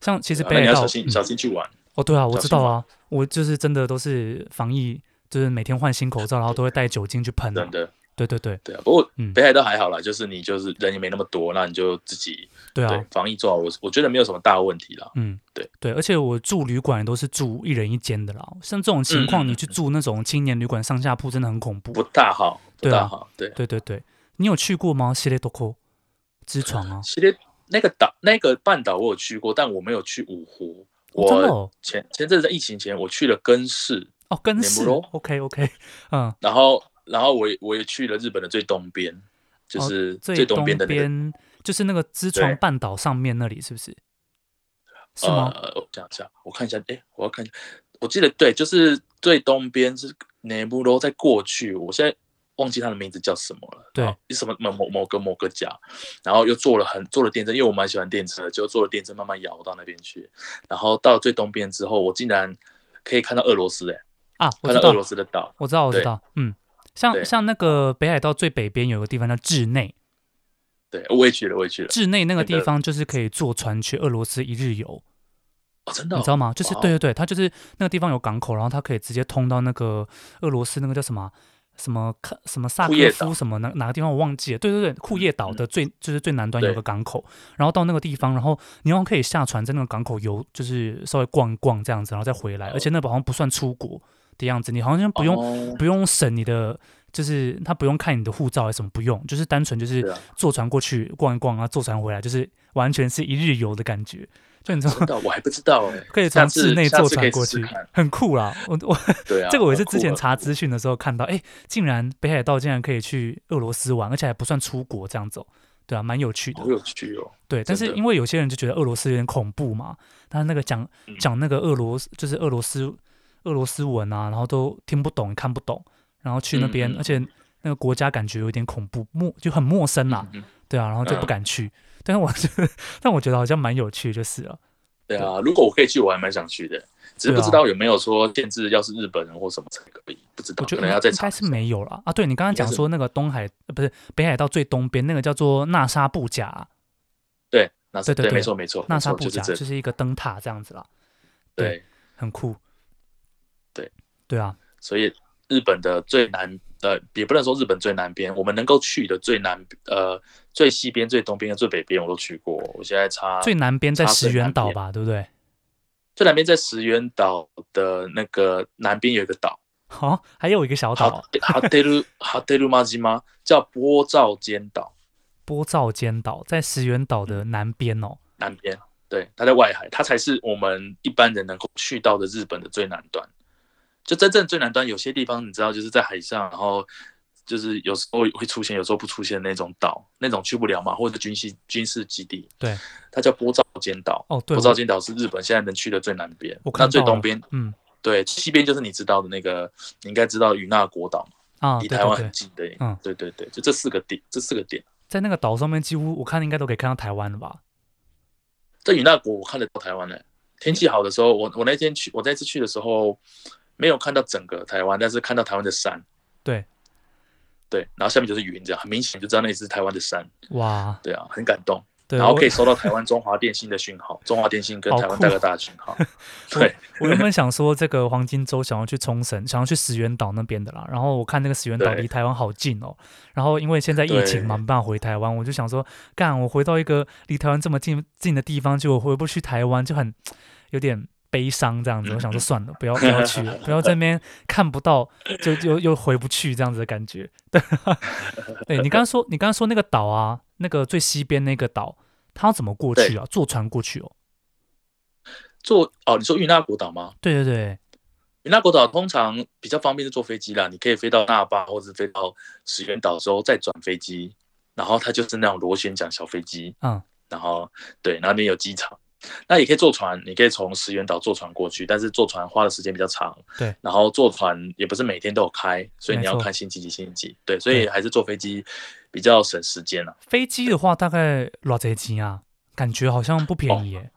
S1: 像其實北海道、啊、你要小心，小心
S2: 去玩、嗯。哦，對啊，我知道啊，
S1: 我就是真的都是防疫，就是每天換新口罩，然後都會帶酒精去噴、啊。的。對對對對啊！不過
S2: 北海道還好啦，就是你就是人也沒那麼多，那你就自己對啊，防疫做好，我我覺得沒有什麼大問題啦。嗯，對
S1: 對，而且我住旅館都是住一人一間的啦。像這種情況，你去住那種青年旅館上下鋪真的很恐怖，不大
S2: 好，不大好，對對對對，
S1: 你有去過嗎？系列多酷知床嗎？
S2: 系列那個島那個半島我有去過，但我沒有去五湖。我前前陣子在疫情前，我去了根室哦，根室。O K O K，嗯，然後。然後我也我也去了日本的最東邊，就是最東邊的、那個哦、東
S1: 邊，就是那個知床半島上面那裡，是不是？
S2: 對是嗎呃，講一下，我看一下，哎，我要看，我記得對，就是最東邊是根室，在過去，我現在忘記它的名字叫什麼了。對，什麼某某個某個岬，然後又坐了很坐了電車，因為我蠻喜歡電車，就坐了電車慢慢搖到那邊去。然後到了最東邊之後，我竟然可以看到俄羅斯，哎啊，我看到俄羅斯的島，我知道，我知道，對知道嗯。
S1: 像對像那個北海道最北邊有個地方叫稚內，
S2: 對，我也覺得，我也覺得稚內那個地方
S1: 就是可以坐船去俄羅斯一日遊，真的，哦，你知道嗎？就是，啊、對對對，它就是那個地方有港口，然後它可以直接通到那個俄羅斯那個叫什麼什麼什麼薩克，克夫什麼哪哪個地方我忘記了，對對對，庫頁島的最，嗯、就是最南端有個港口，對然後到那個地方，然後你又可以下船在那個港口遊，就是稍微逛一逛這樣子，然後再回來，好而且那邊好像不算出國的樣子，你好像不用、oh, 不用省你的，就是他不用看你的護照還是什麼，不用，就是單純就是坐船過去逛一逛啊，坐船回來就是完全是一日遊的感覺。
S2: 就你知道嗎，我還不知道、欸，可以從室內坐船過去，試試
S1: 很酷啦。我我，對啊，這個我也是之前查資訊的時候看到，哎、欸，竟然北海道竟然可以去俄羅斯玩，而且還不算出國這樣子，對啊，蠻有趣的，趣哦、對，的但是因為有些人就覺得俄羅斯有點恐怖嘛，他那個講講、嗯、那個俄羅斯就是俄羅斯。俄羅斯文啊，然後都聽不懂、看不懂，然後去那邊，而且那個國家感覺有點恐怖，陌就很陌生啦。對啊，然後就不敢去。但是，我但我覺得好像蠻有趣，就是了。
S2: 對啊，如果我可以去，我還蠻想去的。只是不知道有沒有說限制，要是日本人或什麼才可以？不知道，應該是
S1: 沒有啦。啊，對，你剛剛講說那個東海，不是北海道最東邊那個叫做納沙布岬。
S2: 對，納沙布岬沒錯沒錯，納沙布岬就
S1: 是一個燈塔這樣子啦。對，很酷。對啊，
S2: 所以日本的最南呃，也不能說日本最南邊，我們能夠去的最南呃、最西邊、最東邊、最北邊我都去過。我現在差最南邊在石
S1: 垣島吧，對不對？
S2: 最南邊在石垣島的那個南邊有一個島，
S1: 好、哦，還有一個小島、啊，
S2: 哈特魯 哈特魯馬吉嗎？叫波照間島。
S1: 波照間島在石垣島的南邊哦，南
S2: 邊，對，它在外海，它才是我們一般人能夠去到的日本的最南端。就真正最南端，有些地方你知道，就是在海上，然後就是有時候會出現，有時候不出現的那種島，那種去不了嘛，或者是軍事軍事基地。對，它叫波照間島。哦，對，波照間島是日本我現在能去的最南邊。我看到那最東邊，嗯，對，西邊就是你知道的那個，你應該知道與那國島啊，離台灣很近的。嗯，對對對，嗯、就這四個點，這四個點，
S1: 在那個島上面幾乎我看應該都可以看到台灣的吧？
S2: 在與那國，我看得到台灣呢。天氣好的時候，我我那天去，我那次去的時候。沒有看到整個台灣，但是看到台灣的山，對，對，然後下面就是雲，這樣很明顯就知道那是台灣的山。哇，對啊，很感動。對然後可以收到台灣中華電信的訊號，我中華電信跟台灣大哥大的訊號。酷對我，我原
S1: 本想說，這個黃金周想要去沖繩， 想要去石垣島那邊的啦。然後我看那個石垣島離台灣好近哦。對然後因為現在疫情嘛，沒辦法回台灣，對我就想說，幹，我回到一個離台灣這麼近近的地方，就我回不去台灣，就很有點。悲傷這樣子，我想說算了，不要不要去，不要在那邊看不到，就，就又又回不去這樣子的感覺。對，對，你剛剛說你剛剛說那個島啊，那個最西邊那個島，它要怎麼過去啊？對坐船過去哦、喔。
S2: 坐哦，你說與那國島嗎？對對對，與那國島通常比較方便是坐飛機啦，你可以飛到那霸，或者是飛到石垣島之後再轉飛機，然後它就是那種螺旋槳小飛機，嗯然，然後對，那邊有機場。那也可以坐船，你可以從石垣島坐船過去，但是坐船花的時間比較長。對，然後坐船也不是每天都有開，所以你要看星期幾、星期幾。對，所以還是坐飛機比較省時間啊。
S1: 飛機的話，大概多少錢啊？感覺好像不便宜、欸哦。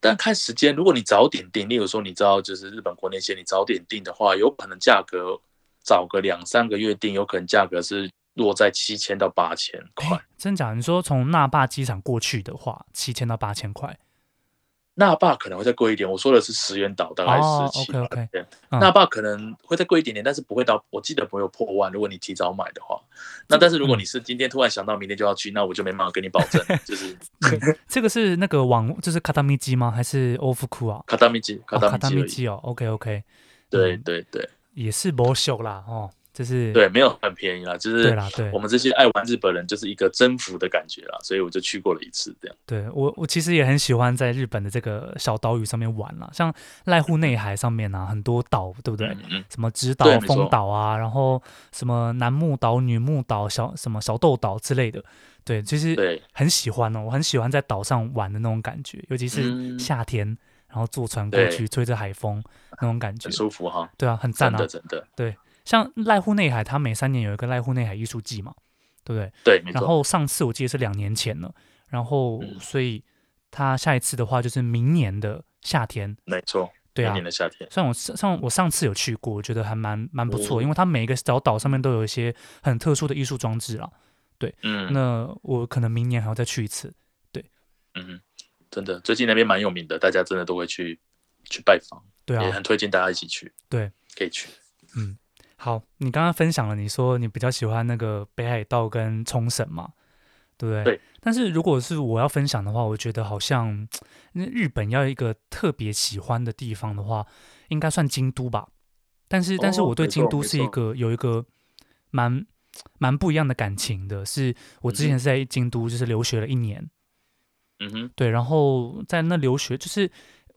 S2: 但看時間，如果你早點訂，例如說你知道就是日本國內線，你早點訂的話，有可能價格早個兩三個月訂，有可能價格是落在七千到八千
S1: 塊。真假的？你說從那霸機場過去的話，七千到八千塊？
S2: 那霸可能會再貴一點，我說的是石垣島大概十七萬，哦、okay, okay, 那霸可能會再貴一點點，嗯、但是不會到，我記得不會有破萬。如果你提早買的話，那但是如果你是今天突然想到明天就要去，嗯、那我就沒辦法跟你保證， 就
S1: 是、嗯、 這個是那個網，就是卡達米基嗎？還是 Ove 歐夫庫啊？卡達米基，卡達米基哦,哦，OK OK，
S2: 對、嗯、對對，
S1: 也是薄雪啦哦。就是對，沒有
S2: 很便宜啦，就是對啦。對，我們這些愛玩日本人就是一個征服的感覺啦，所以我就去過了一次這樣。對我
S1: 我其實也很喜歡在日本的這個小島嶼上面玩啦，像瀨戶內海上面啊，很多島，對不對？對什麼直島、豐島對啊，然後什麼男木島、女木島、小什麼小豆島之類的，對，其實對，很喜歡哦、喔，對我很喜歡在島上玩的那種感覺，尤其是夏天，然後坐船過去，對吹着海風那種感覺，很舒服哈。對啊，很讚啊，真的，真的，對。像瀨戶內海，它，每三年有一個瀨戶內海藝術季嘛，對不對？
S2: 對，沒錯，然後
S1: 上次我記得是兩年前了，然後所以它下一次的話就是明年的夏天，
S2: 沒錯，對啊，明年的夏天。
S1: 像、啊、我上，像我上次有去過，我覺得還蠻蠻不錯，哦、因為它每一個小島上面都有一些很特殊的藝術裝置了，對，嗯。那我可能明年還要再去一次，對，
S2: 嗯，真的，最近那邊蠻有名的，大家真的都會去去拜訪，對啊，也很推薦大家一起去，對，可以去，嗯。
S1: 好，你剛剛分享了，你說你比較喜歡那個北海道跟沖繩嘛，
S2: 對不對？對。
S1: 但是如果是我要分享的話，我覺得好像那日本要一個特別喜歡的地方的話，應該算京都吧。但是，哦、但是我對京都是一個有一個蠻蠻不一樣的感情的，是我之前是在京都就是留學了一年。嗯哼。對，然後在那留學，就是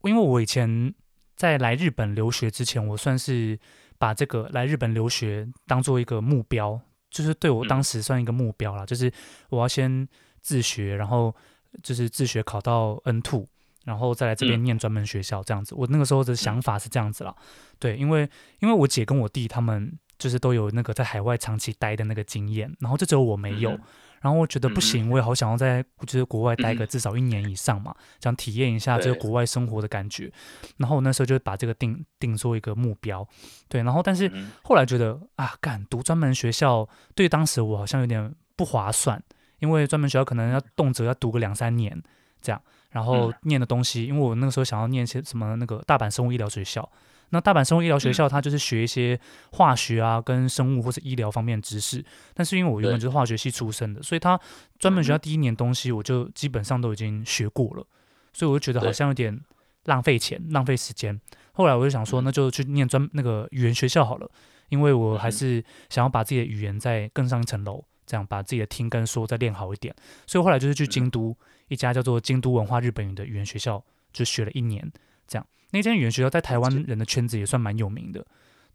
S1: 因為我以前在來日本留學之前，我算是。把這個來日本留學當做一個目標，就是對我當時算一個目標了。嗯、就是我要先自學，然後就是自學考到 N2，然後再來這邊念專門學校這樣子。嗯、我那個時候的想法是這樣子了。對，因為因為我姐跟我弟他們就是都有那個在海外長期待的那個經驗，然後就只有我沒有。嗯然後我覺得不行，嗯、我也好想要在就是國外待個至少一年以上嘛，嗯、想體驗一下這個國外生活的感覺。對然後我那時候就把這個定定做一個目標，對。然後但是後來覺得、嗯、啊，敢讀專門學校對當時我好像有點不划算，因為專門學校可能要動輒要讀個兩三年這樣，然後念的東西，因為我那個時候想要念些什麼那個大阪生物醫療學校。那大阪生物醫療學校，它就是學一些化學啊，跟生物或是醫療方面的知識。但是因為我原本就是化學系出身的，所以它專門學校第一年東西我就基本上都已經學過了，所以我就覺得好像有點浪費錢、浪費時間。後來我就想說，那就去念專那個語言學校好了，因為我還是想要把自己的語言再更上一層樓，這樣把自己的聽跟說再練好一點。所以後來就是去京都一家叫做京都文化日本語的語言學校，就學了一年。這樣，那間語言學校在台灣人的圈子也算蠻有名的，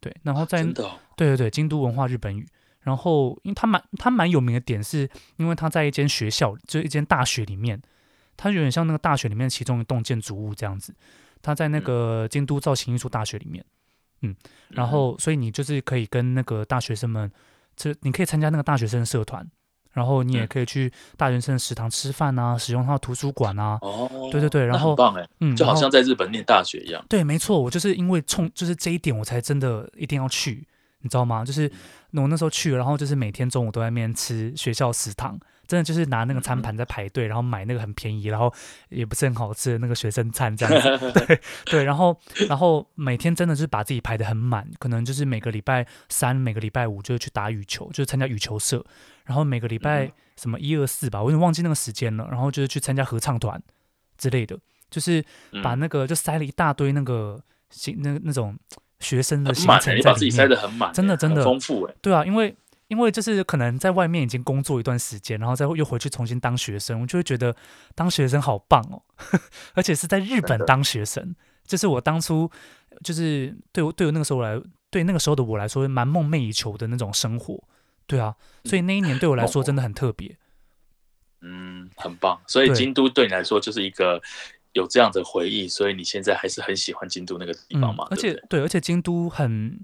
S1: 對。然後在，真的對對對，京都文化日本語。然後，因為它蠻它蠻有名的點是，因為它在一間學校，就一間大學裡面，它有點像那個大學裡面其中一棟建築物這樣子。它在那個京都造型藝術大學裡面，嗯。然後，所以你就是可以跟那個大學生們，就你可以參加那個大學生社團。然後你也可以去大學生的食堂吃飯啊，對使用他的圖書館啊。哦，對對對，然後很棒哎，嗯，就好像在日本念大學一樣。嗯、對，沒錯，我就是因為衝就是這一點，我才真的一定要去，你知道嗎？就是我那時候去了，然後就是每天中午都在那邊吃學校食堂，真的就是拿那個餐盤在排隊，嗯嗯然後買那個很便宜，然後也不是很好吃的那個學生餐這樣子。 對，對然後然後每天真的就是把自己排得很滿，可能就是每個禮拜三、每個禮拜五就去打羽球，就是參加羽球社。然後每個禮拜什麼一二四吧，我有點忘記那個時間了，然後就是去參加合唱團之類的，就是把那個就塞了一大堆那個行那那種學生的行程在裡面，很滿。欸，真的真的豐富哎、欸。對啊，因為因為就是可能在外面已經工作一段時間，然後再又回去重新當學生，我就會覺得當學生好棒哦，呵呵而且是在日本當學生，的就是我當初就是對我對我那個時候來對那個時候的我來說，蠻夢寐以求的那種生活。對啊，所以那一年對我來說真的很特別嗯。
S2: 嗯，很棒。所以京都對你來說就是一個有這樣的回憶，對所以你現在還是很喜歡京都那個地
S1: 方嘛？嗯、對對而且對，而且京都很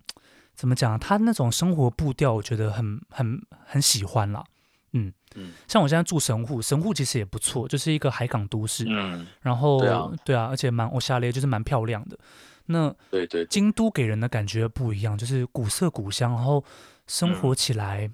S1: 怎麼講、啊？它那種生活步調，我覺得很很很喜歡啦。嗯，嗯像我現在住神戶，神戶其實也不錯，就是一個海港都市。嗯，然後對啊，對啊而且蠻おしゃれ就是蠻漂亮的。那對，對對，京都給人的感覺不一樣，就是古色古香，然後。生活起來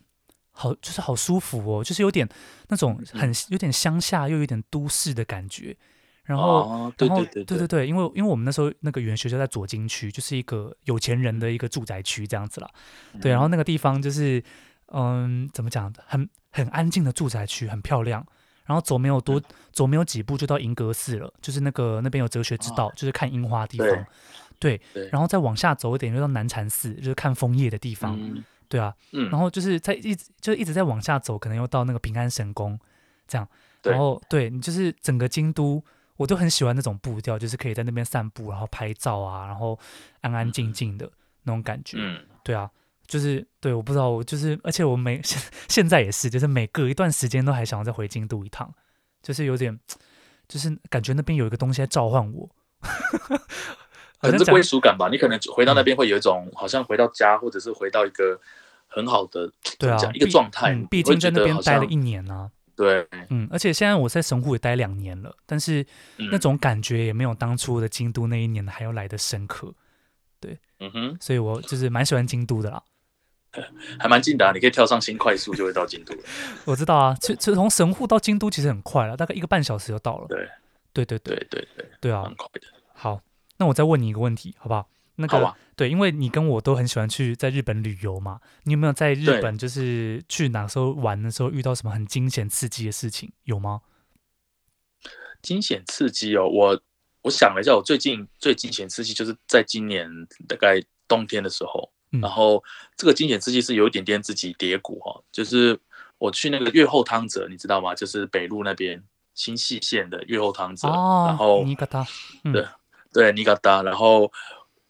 S1: 好，嗯、就是好舒服哦，就是有點那種很、嗯、有點鄉下又有點都市的感覺。然後，對對對，因為因為我們那時候那個語言學校在左京區，就是一個有錢人的一個住宅區這樣子啦。嗯、對，然後那個地方就是，嗯，怎麼講，很很安靜的住宅區，很漂亮。然後走沒有多、嗯、走沒有幾步就到銀閣寺了，就是那個那邊有哲學之道，哦、就是看櫻花的地方。對，對對然後再往下走一點就到南禪寺，就是看楓葉的地方。嗯對啊，嗯、然後就是在一直就一直在往下走，可能又到那個平安神宮，這樣，然後對，對你就是整個京都，我都很喜歡那種步調，就是可以在那邊散步，然後拍照啊，然後安安靜靜的、嗯、那種感覺，嗯、對啊，就是對，我不知道，我就是，而且我每現現在也是，就是每隔一段時間都還想要再回京都一趟，就是有點，就是感覺那邊有一個東西在召喚我。
S2: 可能是歸屬感吧，你可能回到那邊會有一種好像回到家，或者是回到一個很好的，對啊，一個狀態。畢竟在那邊待了一年啊，對，
S1: 嗯，而且現在我在神戶也待兩年了，但是那種感覺也沒有當初的京都那一年還要來的深刻。對，嗯
S2: 哼，
S1: 所以我就是蠻喜歡京都的啦，
S2: 還蠻近的，你可以跳上新快速就會到京都。
S1: 我知道啊，其實從神戶到京都其實很快了，大概一個半小時就到了。對，對對對對對對啊，很快的，好。那我再問你一個問題，好不好？那個好吧對，因為你跟我都很喜歡去在日本旅遊嘛，你有沒有在日本就是去哪時候玩的時候遇到什麼很驚險刺激的事情？有嗎？
S2: 驚險刺激哦，我我想了一下，我最近最驚險刺激就是在今年大概冬天的時候，嗯、然後這個驚險刺激是有一點點自己跌谷哈，就是我去那個越後湯澤，你知道嗎？就是北陸那邊新潟縣的越後湯澤，哦、然後尼、嗯、對。對，新潟，然後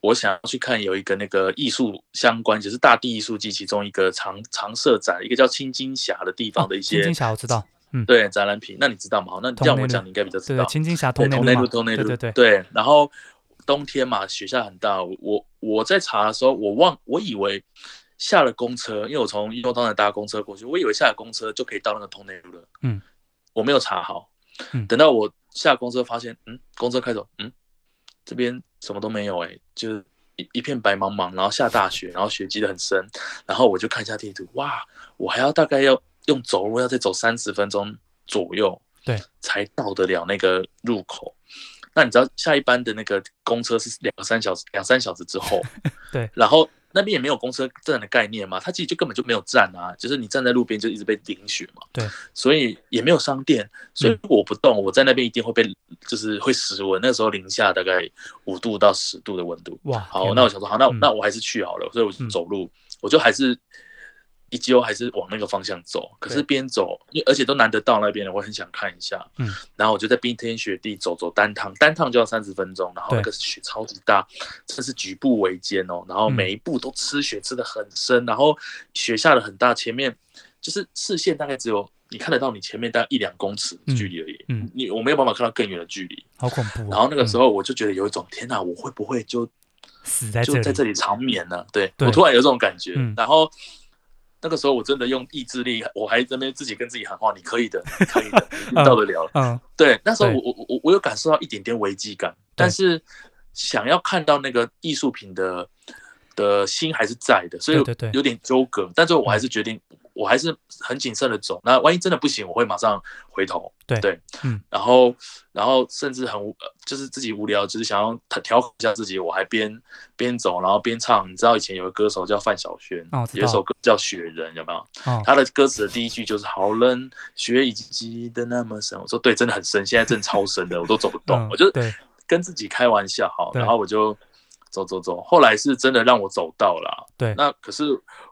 S2: 我想去看有一個那個藝術相關，就是大地藝術季其中一個常常設展，一個叫清津峽的地方的一些青、哦、清津峽我知道，嗯，對展覽品。那你知道嗎？那你這樣我講，你應該比較知
S1: 道清津峽通內路嘛？對對對,對,對
S2: 然後冬天嘛，雪下很大。我我,我在查的時候，我忘我以為下了公車，因為我從運動剛才搭公車過去，我以為下了公車就可以到那個通內路了。嗯，我沒有查好。嗯、等到我下了公車發現，嗯，公車開走，嗯。這邊什麼都沒有哎、欸，就是一一片白茫茫，然後下大雪，然後雪積得很深，然後我就看一下地圖，哇，我還要大概要用走路要再走三十分鐘左右，對，才到得了那個入口。對那你知道下一班的那個公車是兩個三小時，兩三小時之後， 對，然後。那邊也沒有公車站的概念嘛，它其實就根本就沒有站啊，就是你站在路邊就一直被淋雪嘛。對，所以也沒有商店，所以如果我不動，我在那邊一定會被就是會失溫，那個時候零下大概五度到十度的溫度。哇，好，那我想說，好，那、嗯、那我還是去好了，所以我就走路，嗯、我就還是。還是往那個方向走，可是邊走，因而且都難得到那邊了，我很想看一下。嗯，然後我就在冰天雪地走走單趟，單趟就要三十分鐘，然後那個雪超級大，對真是舉步維艱哦。然後每一步都吃雪吃的很深，嗯、然後雪下的很大，前面就是視線大概只有你看得到，你前面大概一兩公尺的距離而已。嗯，嗯你我沒有辦法看到更遠的距離，
S1: 好恐怖哦。然
S2: 後那個時候我就覺得有一種、嗯、天吶、啊，我會不會就死在這裡就在這裡長眠呢、啊？對，對我突然有這種感覺，嗯、然後。那個時候我真的用意志力，我還在那邊自己跟自己喊話：“你可以的，你可以的， 你到得了。 嗯”嗯、對，那時候我對我我我有感受到一點點危機感，對但是想要看到那個藝術品的的心還是在的，所以有點糾葛，對對對但是我還是決定對。嗯我還是很謹慎的走，那萬一真的不行，我會馬上回頭。對對，然後、嗯、然後甚至很無，就是自己無聊，只、就是想要調侃一下自己，我還邊邊走，然後邊唱。你知道以前有個歌手叫范曉萱，哦、有首歌叫《雪人》，哦有雪人，有沒有？哦、他的歌詞的第一句就是“好冷、哦，雪已經積得那麼深。”我說對，真的很深，現在真超深的， 我都走不動。嗯、我就跟自己開玩笑哈，對然後我就走走走，後來是真的讓我走到了。對，那可是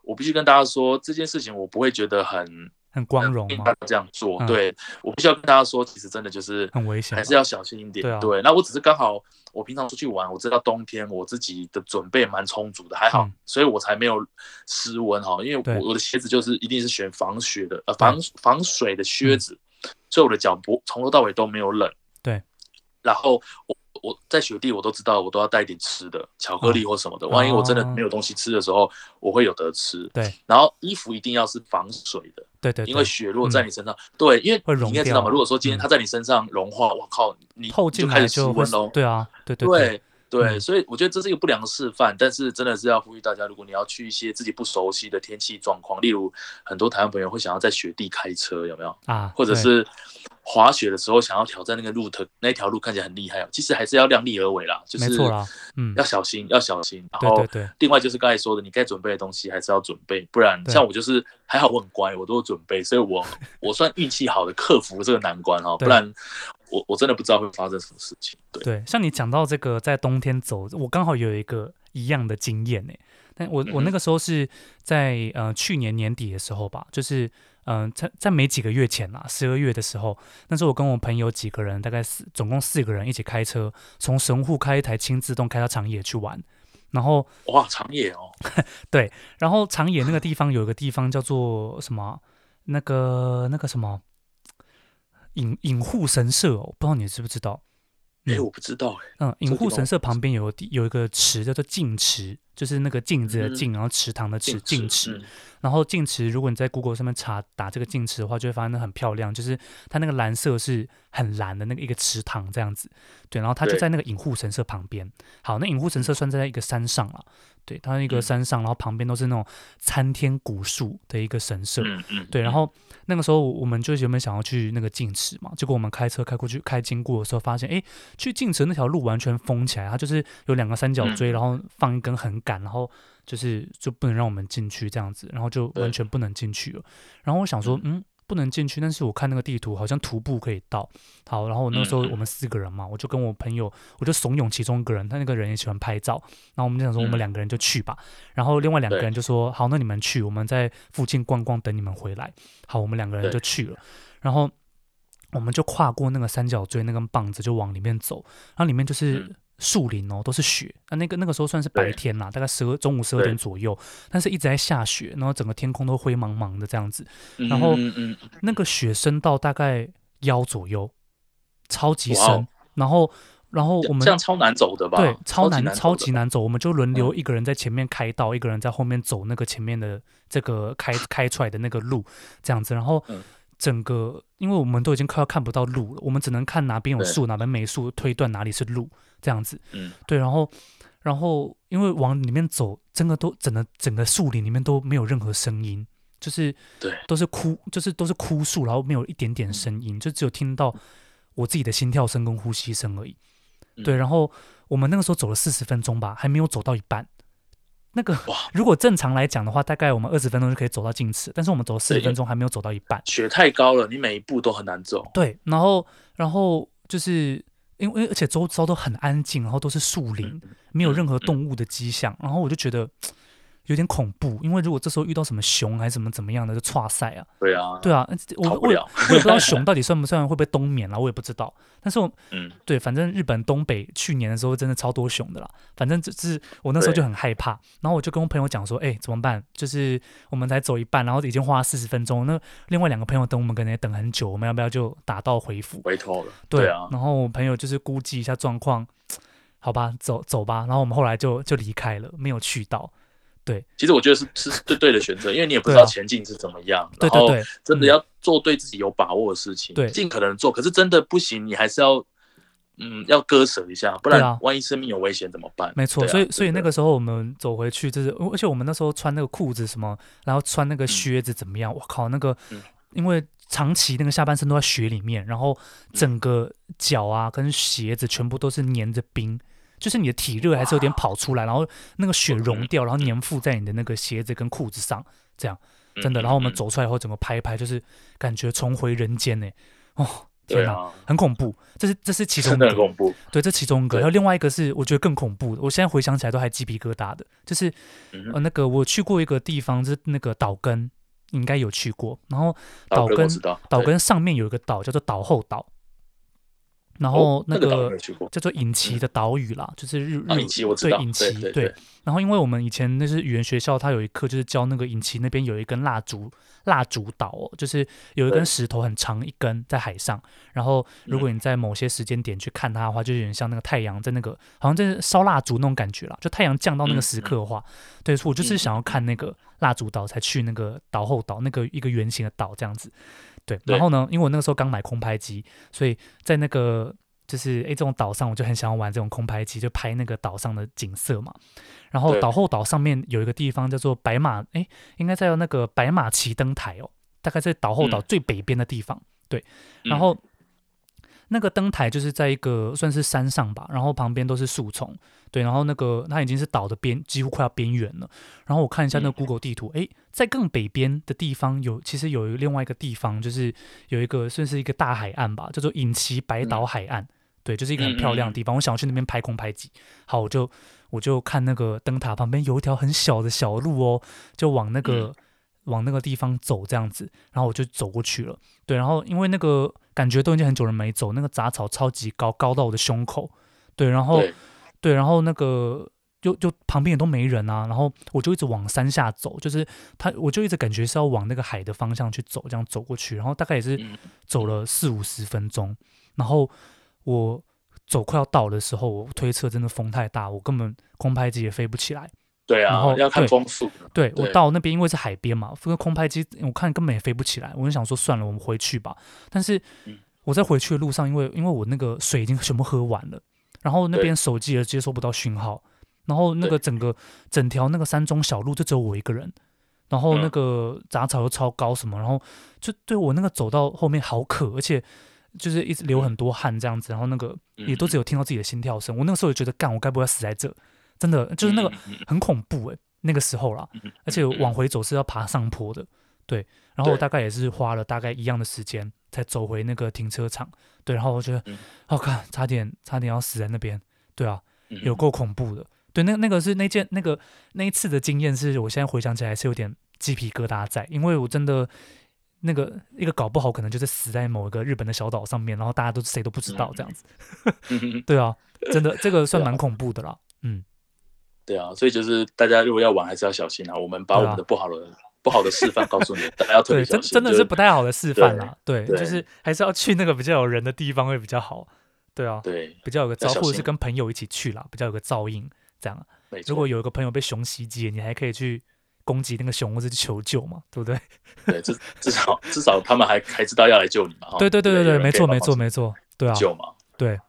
S2: 我必須跟大家說這件事情，我不會覺得很
S1: 很光榮，這
S2: 樣做。嗯、對，我必須要跟大家說，其實真的就是很危險，還是要小心一點。對、啊，對。那我只是剛好，我平常出去玩，我知道冬天我自己的準備蠻充足的，還好，嗯、所以我才沒有失溫哈。因為我我的鞋子就是一定是選防雪的，對呃，防防水的靴子，嗯、所以我的腳不從頭到尾都沒有冷。對，然後我。我在雪地，我都知道，我都要帶一點吃的，巧克力或什麼的。萬一我真的沒有東西吃的時候，我會有得吃。對，然後衣服一定要是防水的。對對，因為雪落在你身上，對，因為會融掉嘛。如果說今天它在你身上融化，我靠，你就開始失溫嘍。
S1: 對啊，對對對
S2: 對，所以我覺得這是一個不良示範。但是真的是要呼籲大家，如果你要去一些自己不熟悉的天氣狀況，例如很多台灣朋友會想要在雪地開車，有沒有？啊，或者是。滑雪的時候，想要挑戰那個路的那一條路看起來很厲害哦，其實還是要量力而為啦，就是，嗯，要小心，要小心。然後對。另外就是剛才說的，你該準備的東西還是要準備，不然像我就是對還好，我很乖，我都有準備，所以我 我算運氣好的，克服這個難關哦。對不然我我真的不知道會發生什麼事情。
S1: 對對，像你講到這個在冬天走，我剛好有一個一樣的經驗哎、欸，但我、嗯、哼我那個時候是在呃去年年底的時候吧，就是。嗯，在在沒幾個月前啦，十二月的時候，那時候我跟我朋友幾個人，大概四總共四個人一起開車，從神戶開一台輕自動開到長野去玩，然後哇長野哦， 對，然後長野那個地方有一個地方叫做什麼， 那個那個什麼隱隱戶神社，哦，不知道你知不知道？哎、嗯欸，我不知道哎、欸，嗯，隱戶神社旁邊有有一個池叫做靜池。就是那個鏡子的鏡，嗯、然後池塘的池，鏡池。池然後鏡池，如果你在 Google 上面查打這個鏡池的話，就會發現那很漂亮，就是它那個藍色是很藍的那個一個池塘這樣子。對，然後它就在那個隱戶神社旁邊。好，那隱戶神社算在在一個山上了，嗯、對，它那個山上，然後旁邊都是那種參天古樹的一個神社。嗯嗯、對，然後那個時候我們就原本想要去那個鏡池嘛，結果我們開車開過去開經過的時候，發現哎，去鏡池那條路完全封起來，它就是有兩個三角錐，嗯、然後放一根橫。然後就是就不能讓我們進去這樣子，然後就完全不能進去了。然後我想說，嗯，不能進去，但是我看那個地圖好像徒步可以到。好，然後那時候我們四個人嘛，我就跟我朋友，我就慫恿其中一個人，他那個人也喜歡拍照。然後我們就想說，我們兩個人就去吧。然後另外兩個人就說，好，那你們去，我們在附近逛逛，等你們回來。好，我們兩個人就去了。然後我們就跨過那個三角錐那根棒子，就往裡面走。然後裡面就是。樹林哦，都是雪。那、啊、那個那個時候算是白天啦，對大概十二中午十二點左右，對但是一直在下雪，然後整個天空都灰茫茫的這樣子。然後，嗯嗯，那個雪深到大概腰左右，超級深。哇然後，然後我們這樣超難走的吧？對，超難，超級難，超級難走。我們就輪流一個人在前面開道，嗯、一個人在後面走那個前面的這個開開出來的那個路這樣子。然後，嗯、整個因為我們都已經快要看不到路了，我們只能看哪邊有樹，對哪邊沒樹，推斷哪裡是路。這樣子，嗯，對，然後，然後，因為往裡面走，整個都整個整個樹林裡面都沒有任何聲音，就是，對，都是枯，就是都是枯樹，然後沒有一點點聲音，嗯、就只有聽到我自己的心跳聲跟呼吸聲而已，嗯、對，然後我們那個時候走了四十分鐘吧，還沒有走到一半，那個哇，如果正常來講的話，大概我們二十分鐘就可以走到近處，但是我們走了四十分鐘還沒有走到一
S2: 半，雪、嗯、太高了，你每一步都很難走，對，
S1: 然後，然後就是。因為，而且周遭都很安靜，然後都是樹林，沒有任何動物的跡象，然後我就覺得。有點恐怖，因為如果這時候遇到什麼熊還是怎麼怎麼樣的，就挫賽啊！對啊，對啊，我不 我也不知道熊到底算不算會不會冬眠了，啊，我也不知道。但是我嗯，對，反正日本東北去年的時候真的超多熊的啦。反正就是我那時候就很害怕，對然後我就跟我朋友講說：“哎、欸，怎麼辦？就是我們才走一半，然後已經花了四十分鐘。那另外兩個朋友等我們可能等很久，我們要不要就打道回府？回頭了，對，對啊。然後我朋友就是估計一下狀況，好吧，走走吧。然後我們後來就就離開了，沒有去到。”
S2: 對，其實我覺得是是最對的選擇，因為你也不知道前進是怎麼樣。對對、啊、對，真的要做對自己有把握的事情，對對對嗯、盡可能做。可是真的不行，你還是要嗯，要割舍一下，不然萬一生命有危險怎麼辦？沒錯、啊，啊、所以所
S1: 以那個時候我們走回去，就是而且我們那時候穿那個褲子什麼，然後穿那個靴子怎麼樣？我、嗯、靠，那個、嗯、因為長期那個下半身都在雪裡面，然後整個腳啊跟鞋子全部都是粘着冰。就是你的體熱還是有點跑出來，然後那個雪融掉，然後粘附在你的那個鞋子跟褲子上，這樣真的。然後我們走出來以後，整個拍一拍，就是感覺重回人間呢？哦，天吶，很恐怖。這是這是其中的恐怖。對，這其中一個。然後另外一個是，我覺得更恐怖。我現在回想起來都還雞皮疙瘩的。就是呃，那個我去過一個地方，就是那個島根，應該有去過。然後島根，島根上面有一個島叫做島後島。然後那個叫做隱岐的島嶼啦，哦、就是日、哦、日、我知道，對隱岐對。然後因為我們以前那是語言學校，它有一課就是教那個隱岐那邊有一根蠟燭，蠟燭島、哦、就是有一根石頭很長一根在海上。對然後如果你在某些時間點去看它的話，嗯、就有點像那個太陽在那個好像在燒蠟燭那種感覺啦。就太陽降到那個時刻的話，嗯、對，我就是想要看那個蠟燭島才去那個島後島那個一個圓形的島這樣子。對，然後呢，因為我那個時候剛買空拍機，所以在那個就是哎，這種島上我就很想要玩這種空拍機，就拍那個島上的景色嘛。然後島後島上面有一個地方叫做白馬，哎，應該在那個白馬旗燈台哦，大概在島後島最北邊的地方。嗯、對，然後。嗯那個燈塔就是在一個算是山上吧，然後旁邊都是樹叢，對，然後那個它已經是島的邊，幾乎快要邊緣了。然後我看一下那 Google 地圖，哎、嗯，在更北邊的地方有，其實有另外一個地方，就是有一個算是一個大海岸吧，叫做隱岐白島海岸，嗯、對，就是一個很漂亮的地方，我想要去那邊拍空拍機。好，我就我就看那個燈塔旁邊有一條很小的小路哦，就往那個、嗯、往那個地方走這樣子，然後我就走過去了。對，然後因為那個。感覺都已經很久了沒走，那個雜草超級高，高到我的胸口。對，然後，對，對，然後那個就就旁邊也都沒人啊。然後我就一直往山下走，就是他，我就一直感覺是要往那個海的方向去走，這樣走過去。然後大概也是走了四五十分鐘。然後我走快要到的時候，我推測真的風太大，我根本空拍機也飛不起來。對啊，然後要看風速。對，對對，我到那邊因為是海邊嘛，那個對空拍機我看根本也飛不起來，我就想說算了，我們回去吧。但是我在回去的路上，因為因為我那個水已經全部喝完了，然後那邊手機也接收不到訊號，然後那個整個對整條那個山中小路就只有我一個人，然後那個雜草又超高什麼，嗯、然後就對我那個走到後面好渴，而且就是一直流很多汗這樣子，嗯、然後那個也都只有聽到自己的心跳聲。嗯、我那個時候也覺得，幹，我該不會要死在這？真的就是那個很恐怖欸，那個時候啦，而且往回走是要爬上坡的，對，然後大概也是花了大概一樣的時間才走回那個停車場，對，然後我覺得，好看，差點差點要死在那邊，對啊，有夠恐怖的，對，那那個是那件那個那一次的經驗，是我現在回想起來是有點雞皮疙瘩在，因為我真的那個一個搞不好可能就是死在某一個日本的小島上面，然後大家都誰都不知道這樣子，對啊，真的這個算蠻恐怖的啦，嗯。
S2: 對啊，所以就是大家如果要玩，還是要小心啊。我們把我們的不好的、不好的示範告訴你，大家要特別小心。對，真的是不太好的示範啦。對，就是
S1: 還是要去那個比較有人的地方會比較好。對啊，對，比較有個招呼是跟朋友一起去啦，比較有個照應。這樣。如果有一個朋友被熊襲擊，你還可以去攻擊那個熊或是去求救嘛，對不對？對，
S2: 至至少至少他們還還知道要來救你嘛。對對對對對，沒錯沒錯沒錯，對啊，救
S1: 嘛，對，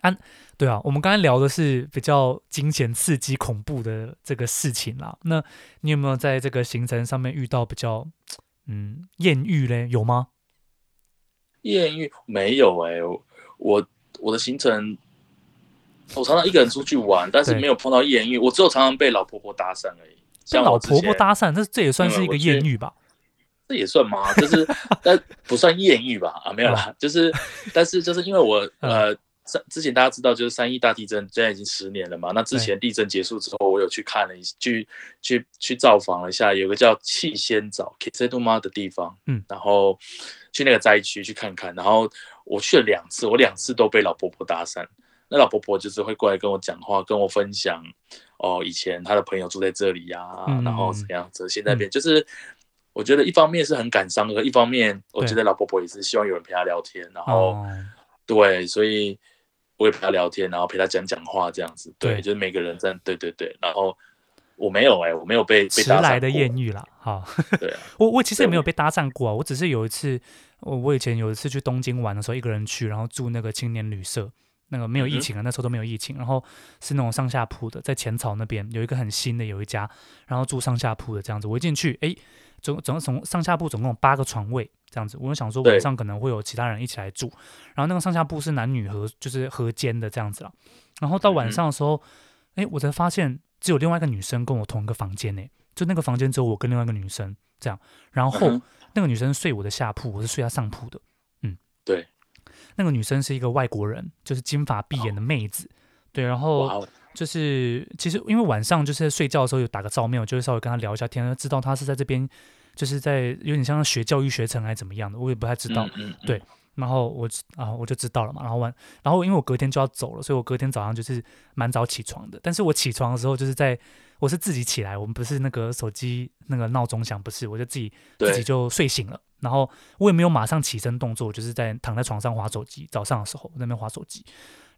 S1: 安。對啊，我們剛才聊的是比較驚險、刺激、恐怖的這個事情啦。那你有沒有在這個行程上面遇到比較嗯豔遇嘞？有嗎？
S2: 豔遇沒有哎、欸，我我的行程，我常常一個人出去玩，但是沒有碰到豔遇，對我只有常常被老婆婆搭訕而已。像老婆婆搭
S1: 訕，那這也算是一個豔遇吧？
S2: 這也算嗎？這、 就是但不算豔遇吧？啊，沒有啦，就是 但是就是因為我呃。 三之前大家知道就是三一大地震，現在已經十年了嘛。那之前地震結束之後，我有去看了，對去去去造訪了一下，有個叫氣仙沼 Kesennuma 的地方。嗯，然後去那個災區去看看。然後我去了兩次，我兩次都被老婆婆搭訕。那老婆婆就是會過來跟我講話，跟我分享哦，以前她的朋友住在這裡呀、啊，嗯、然後怎樣子，現在變、嗯、就是。我覺得一方面是很感傷的，一方面我覺得老婆婆也是希望有人陪她聊天。對然後，嗯、對，所以。我也陪他聊天，然後陪他講講話這樣子。對，對就是每個人這樣。對對對。然後我沒有哎、欸，我沒有被被搭訕的豔遇了。哈， 對、
S1: 啊，我我其實也沒有被搭訕過啊。我只是有一次，我對我以前有一次去東京玩的時候，一個人去，然後住那個青年旅社，那個沒有疫情啊，嗯、那時候都沒有疫情。然後是那種上下鋪的，在淺草那邊有一個很新的有一家，然後住上下鋪的這樣子。我一進去，哎，總總總，上下鋪總共八個床位。這樣子，我就想說晚上可能會有其他人一起來住，對然後那個上下鋪是男女和，就是合間的這樣子了。然後到晚上的時候，誒、嗯哼欸，我才發現只有另外一個女生跟我同一個房間，哎，就那個房間只有我跟另外一個女生這樣。然後、嗯、哼那個女生睡我的下鋪，我是睡她上鋪的。嗯，對，那個女生是一個外國人，就是金髮碧眼的妹子。哦、對，然後就是哇其實因為晚上就是睡覺的時候有打個照面，我就會稍微跟她聊一下天，知道她是在這邊。就是在有點像學教育學程還是怎麼樣的，我也不太知道。嗯嗯嗯對，然後我啊，我就知道了嘛。然後完，然後因為我隔天就要走了，所以我隔天早上就是蠻早起床的。但是我起床的時候，就是在我是自己起來，我們不是那個手機那個鬧鐘響，不是，我就自己對自己就睡醒了。然後我也沒有馬上起身動作，就是在躺在床上滑手機。早上的時候我那邊滑手機，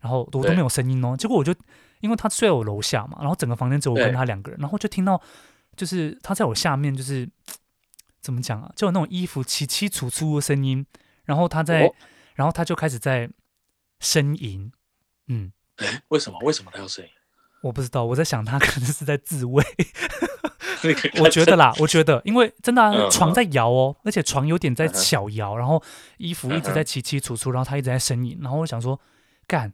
S1: 然後都對我都沒有聲音哦。結果我就因為他睡在我樓下嘛，然後整個房間只有我跟他兩個人，對然後就聽到就是他在我下面就是。怎麼講啊？就有那種衣服窸窸窣窣的聲音，然後他在，哦、然後他就開始在呻吟，嗯，
S2: 為什麼？為什麼他要呻吟？
S1: 我不知道，我在想他可能是在自慰， 可看 我覺得啦， 我覺得，因為真的啊，嗯、哼床在搖哦，而且床有點在小搖，然後衣服一直在窸窸窣窣，然後他一直在呻吟，然後我想說，幹，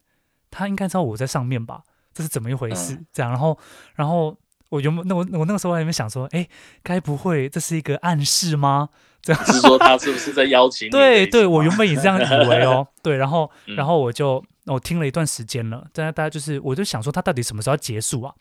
S1: 他應該知道我在上面吧？這是怎麼一回事？嗯、這樣，然後，然後。我原本，那我我那個時候還沒想說，誒、欸，該不會這是一個暗示嗎？這樣子說他是不是在邀請你？ 對對，我原本也這樣子以為哦。 對，然後然後我就、嗯、我聽了一段時間了，大家大家就是我就想說他到底什麼時候要結束啊？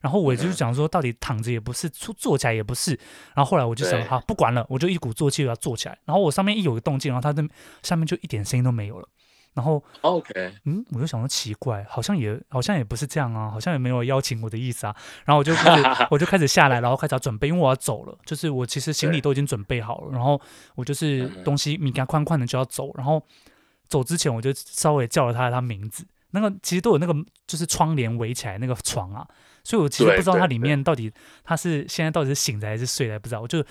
S1: 然後我就想說到底躺着也不是，坐坐起來也不是。然後後來我就想說，對好，不管了，我就一鼓作氣，我要坐起來。然後我上面一有一個動靜，然後他的下面就一點聲音都沒有了。然後，OK，嗯，我就想說奇怪，好像也好像也不是這樣啊，好像也沒有邀請我的意思啊。然後我就開始 我就開始下來，然後開始要準備，因為我要走了。就是我其實行李都已經準備好了，對然後我就是東西米該寬寬的就要走。然後走之前，我就稍微叫了他他名字。那個其實都有那個就是窗簾圍起來那個床啊，所以我其實不知道他裡面到底他是現在到底是醒着還是睡着，不知道。我就。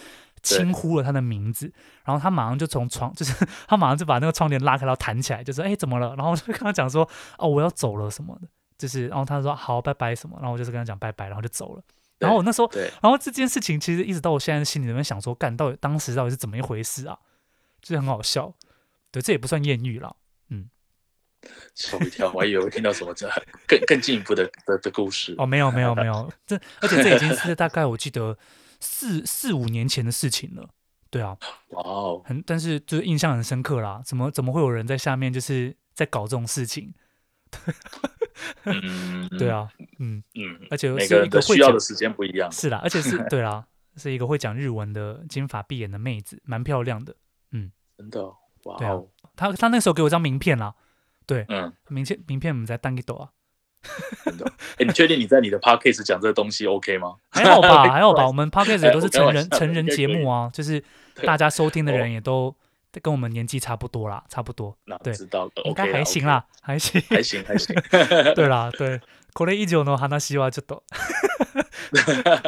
S1: 對輕呼了他的名字，然後他馬上就從床，就是他馬上就把那個窗簾拉開，然後彈起來，就是、說：“哎，怎麼了？”然後就跟他講說：“哦，我要走了什麼的。”就是，然後他說：“好，拜拜什麼。”然後我就是跟他講拜拜，然後就走了。然後我那時候，然後這件事情其實一直到我現在心裡面想說，幹到底當時到底是怎麼一回事啊？就是很好笑，對，這也不算豔遇了，啊，嗯。嚇我一
S2: 跳，我還以為會聽到什麼這 更更進一步的的的故事。哦，沒有沒有沒有，這而且這已經是
S1: 大概我記得。四四五年前的事情了，對啊，哇哦 Wow.，很但是就是印象很深刻啦。怎麼怎麼會有人在下面就是在搞這種事情？ 對啊，嗯、mm hmm. 嗯，嗯嗯，而且是一個會每個人都需要的時間不一樣的。是啦，而且是對啦， 是一個會講日文的金髮碧眼的妹子，蠻漂亮的，
S2: 嗯，真的，
S1: 哇、wow. 哦、啊，她她那時候給我一張名片啦，對，嗯名，名片名片我們在檔 g i 啊。
S2: 哎，你確定你在你的 podcast 講這個東西 OK 嗎？還好吧，還好吧。我們 podcast 也都是成人成人節目啊，
S1: 就是大家收聽的人也都跟我們年紀差不多啦，差不多。那知道應該還行啦，還行，還行還行。對啦，對。これ以上の話はちょっと，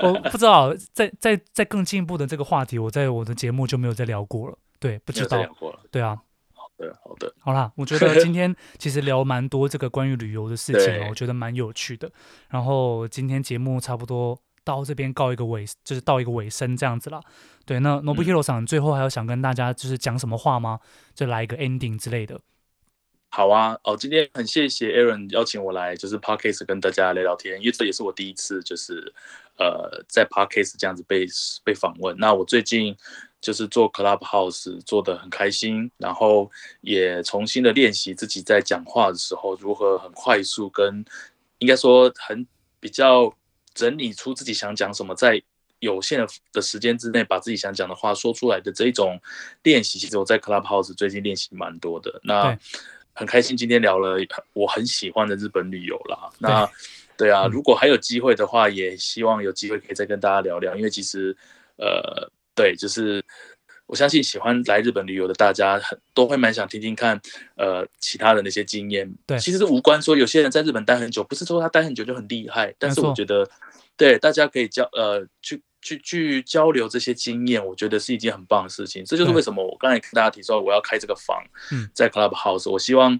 S1: 我不知道在在在更進一步的這個話題，我在我的節目就沒有再聊過了。對，不知道。對啊。
S2: 對，好的，好啦。我覺得今
S1: 天其實聊蠻多這個關於旅遊的事情哦， 對我覺得蠻有趣的。然後今天節目差不多到這邊告一個尾，就是到一個尾聲這樣子啦。對，那 Nobuhiro さん最後還有想跟大家就是講什麼話嗎？就來一個 ending 之類的。
S2: 好啊，哦，今天很謝謝 Aaron 邀請我來就是 Podcast 跟大家聊聊天，因為這也是我第一次就是呃在 Podcast 這樣子被被訪問。那我最近。就是做 Clubhouse 做得很開心，然後也重新的練習自己在講話的時候如何很快速跟，應該說很比較整理出自己想講什麼，在有限的時間之內把自己想講的話說出來的這一種練習。其實我在 Clubhouse 最近練習蠻多的，那很開心今天聊了我很喜歡的日本旅遊啦。那對啊，如果還有機會的話，也希望有機會可以再跟大家聊聊，因為其實呃。對，就是我相信喜歡來日本旅遊的大家，很都會蠻想聽聽看，呃，其他人的那些經驗。對，其實是無關說。說有些人在日本待很久，不是說他待很久就很厲害。但是我覺得，沒錯。對，大家可以交呃去去去交流這些經驗，我覺得是一件很棒的事情。對。這就是為什麼我剛才跟大家提說，我要開這個房，嗯，在 Club House，我希望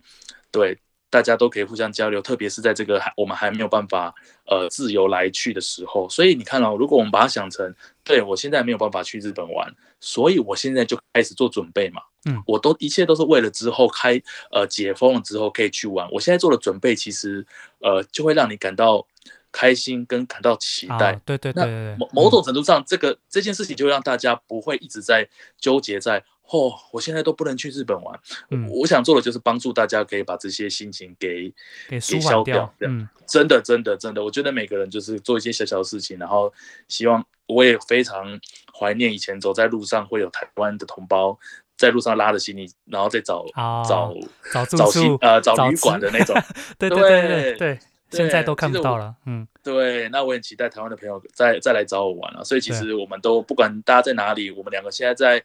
S2: 對。大家都可以互相交流，特別是在這個還我們還沒有辦法呃自由來去的時候，所以你看了，哦，如果我們把它想成，對我現在沒有辦法去日本玩，所以我現在就開始做準備嘛，嗯，我都一切都是為了之後開呃解封了之後可以去玩，我現在做的準備其實呃就會讓你感到開心跟感到期待，oh,
S1: 對,對對對，那某某
S2: 種程度上，這個這件事情就會讓大家不會一直在糾結在。哦，我現在都不能去日本玩。嗯、我，我想做的就是幫助大家可以把這些心情給給，給消掉。嗯，真的，真的，真的，我覺得每個人就是做一些小小的事情，然後希望我也非常懷念以前走在路上會有台灣的同胞在路上拉着行李，然後再找、哦、找找找新呃找旅館的那種。早吃 對對對對，對，對，對現在都看不到了。嗯，對，那我很期待台灣的朋友再再來找我玩了、啊。所以其實我們都對不管大家在哪裡，我們兩個現在在。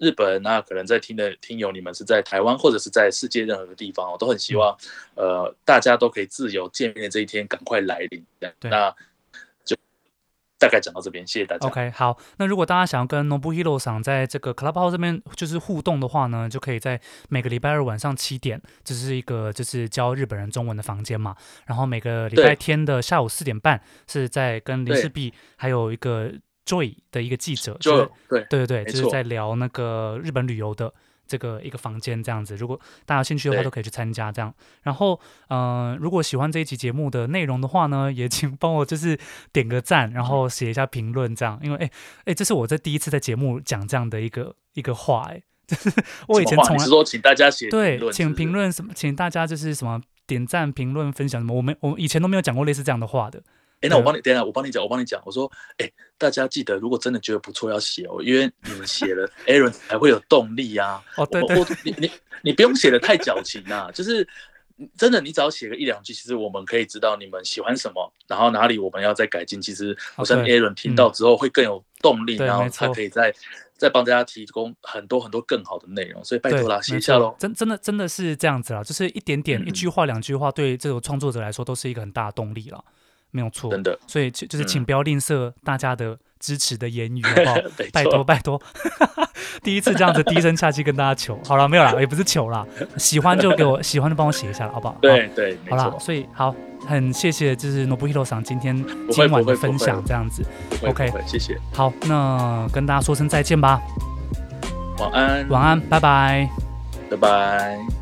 S2: 日本那、啊、可能在聽的聽友，你們是在台灣或者是在世界任何的地方，我都很希望，嗯、呃，大家都可以自由見面的這一天趕快來臨。對，那就大概講到這邊，謝謝大家。OK，
S1: 好，那如果大家想要跟 Nobuhiro さん在這個 Clubhouse 這邊就是互動的話呢，就可以在每個禮拜二晚上七點，這、就是一個就是教日本人中文的房間嘛。然後每個禮拜天的下午四點半是在跟林氏璧對還有一個。對的一個記者，對，對對對錯就是在聊那個日本旅遊的這個一個房間這樣子。如果大家有興趣的話，都可以去參加這樣。對然後，嗯、呃，如果喜歡這一期節目的內容的話呢，也請幫我就是點個讚，然後寫一下評論這樣。嗯、因為，哎誒，誒，這是我在第一次在節目講這樣的一個一個話哎， 我以前從來說請大
S2: 家寫評論是不是對，請
S1: 評論什麼，請大家就是什麼點讚、評論、分享什麼，我們我以前都沒有講過類似這樣的話的。哎、欸，那我幫你，
S2: 等一下我幫你講，我幫你講。我說，哎、欸，大家記得，如果真的覺得不錯，要寫哦、喔，因為你們寫了 ，Aaron 才會有動力呀、啊。哦，對,對我我，你你你不用寫得太矯情啊， 就是真的，你只要寫個一兩句，其實我們可以知道你們喜歡什麼，然後哪裡我們要再改進。其實、哦、我相信 Aaron 聽到之後會更有動力，嗯、然後他可以再再幫大家提供很多很多更好的內容。所以拜托啦，對寫一下嘍。
S1: 真真的真的是這樣子啦，就是一點點、嗯、一句話兩句話，對於這個創作者來說都是一個很大的動力啦。沒有錯，真的，所以就就是請不要吝嗇大家的支持的言語，好不好？嗯、 拜托拜托， 第一次這樣子低聲下氣跟大家求， 好了沒有了，也不是求了，喜歡就給我 喜歡的，幫我寫一下好不好？對對，對好啦，所以好，很謝謝就是のぶひろさん今天今晚的分享，這樣子，OK，
S2: 謝謝，
S1: 好，那跟大家說聲再見吧，
S2: 晚安，
S1: 晚安，拜拜，
S2: 拜拜。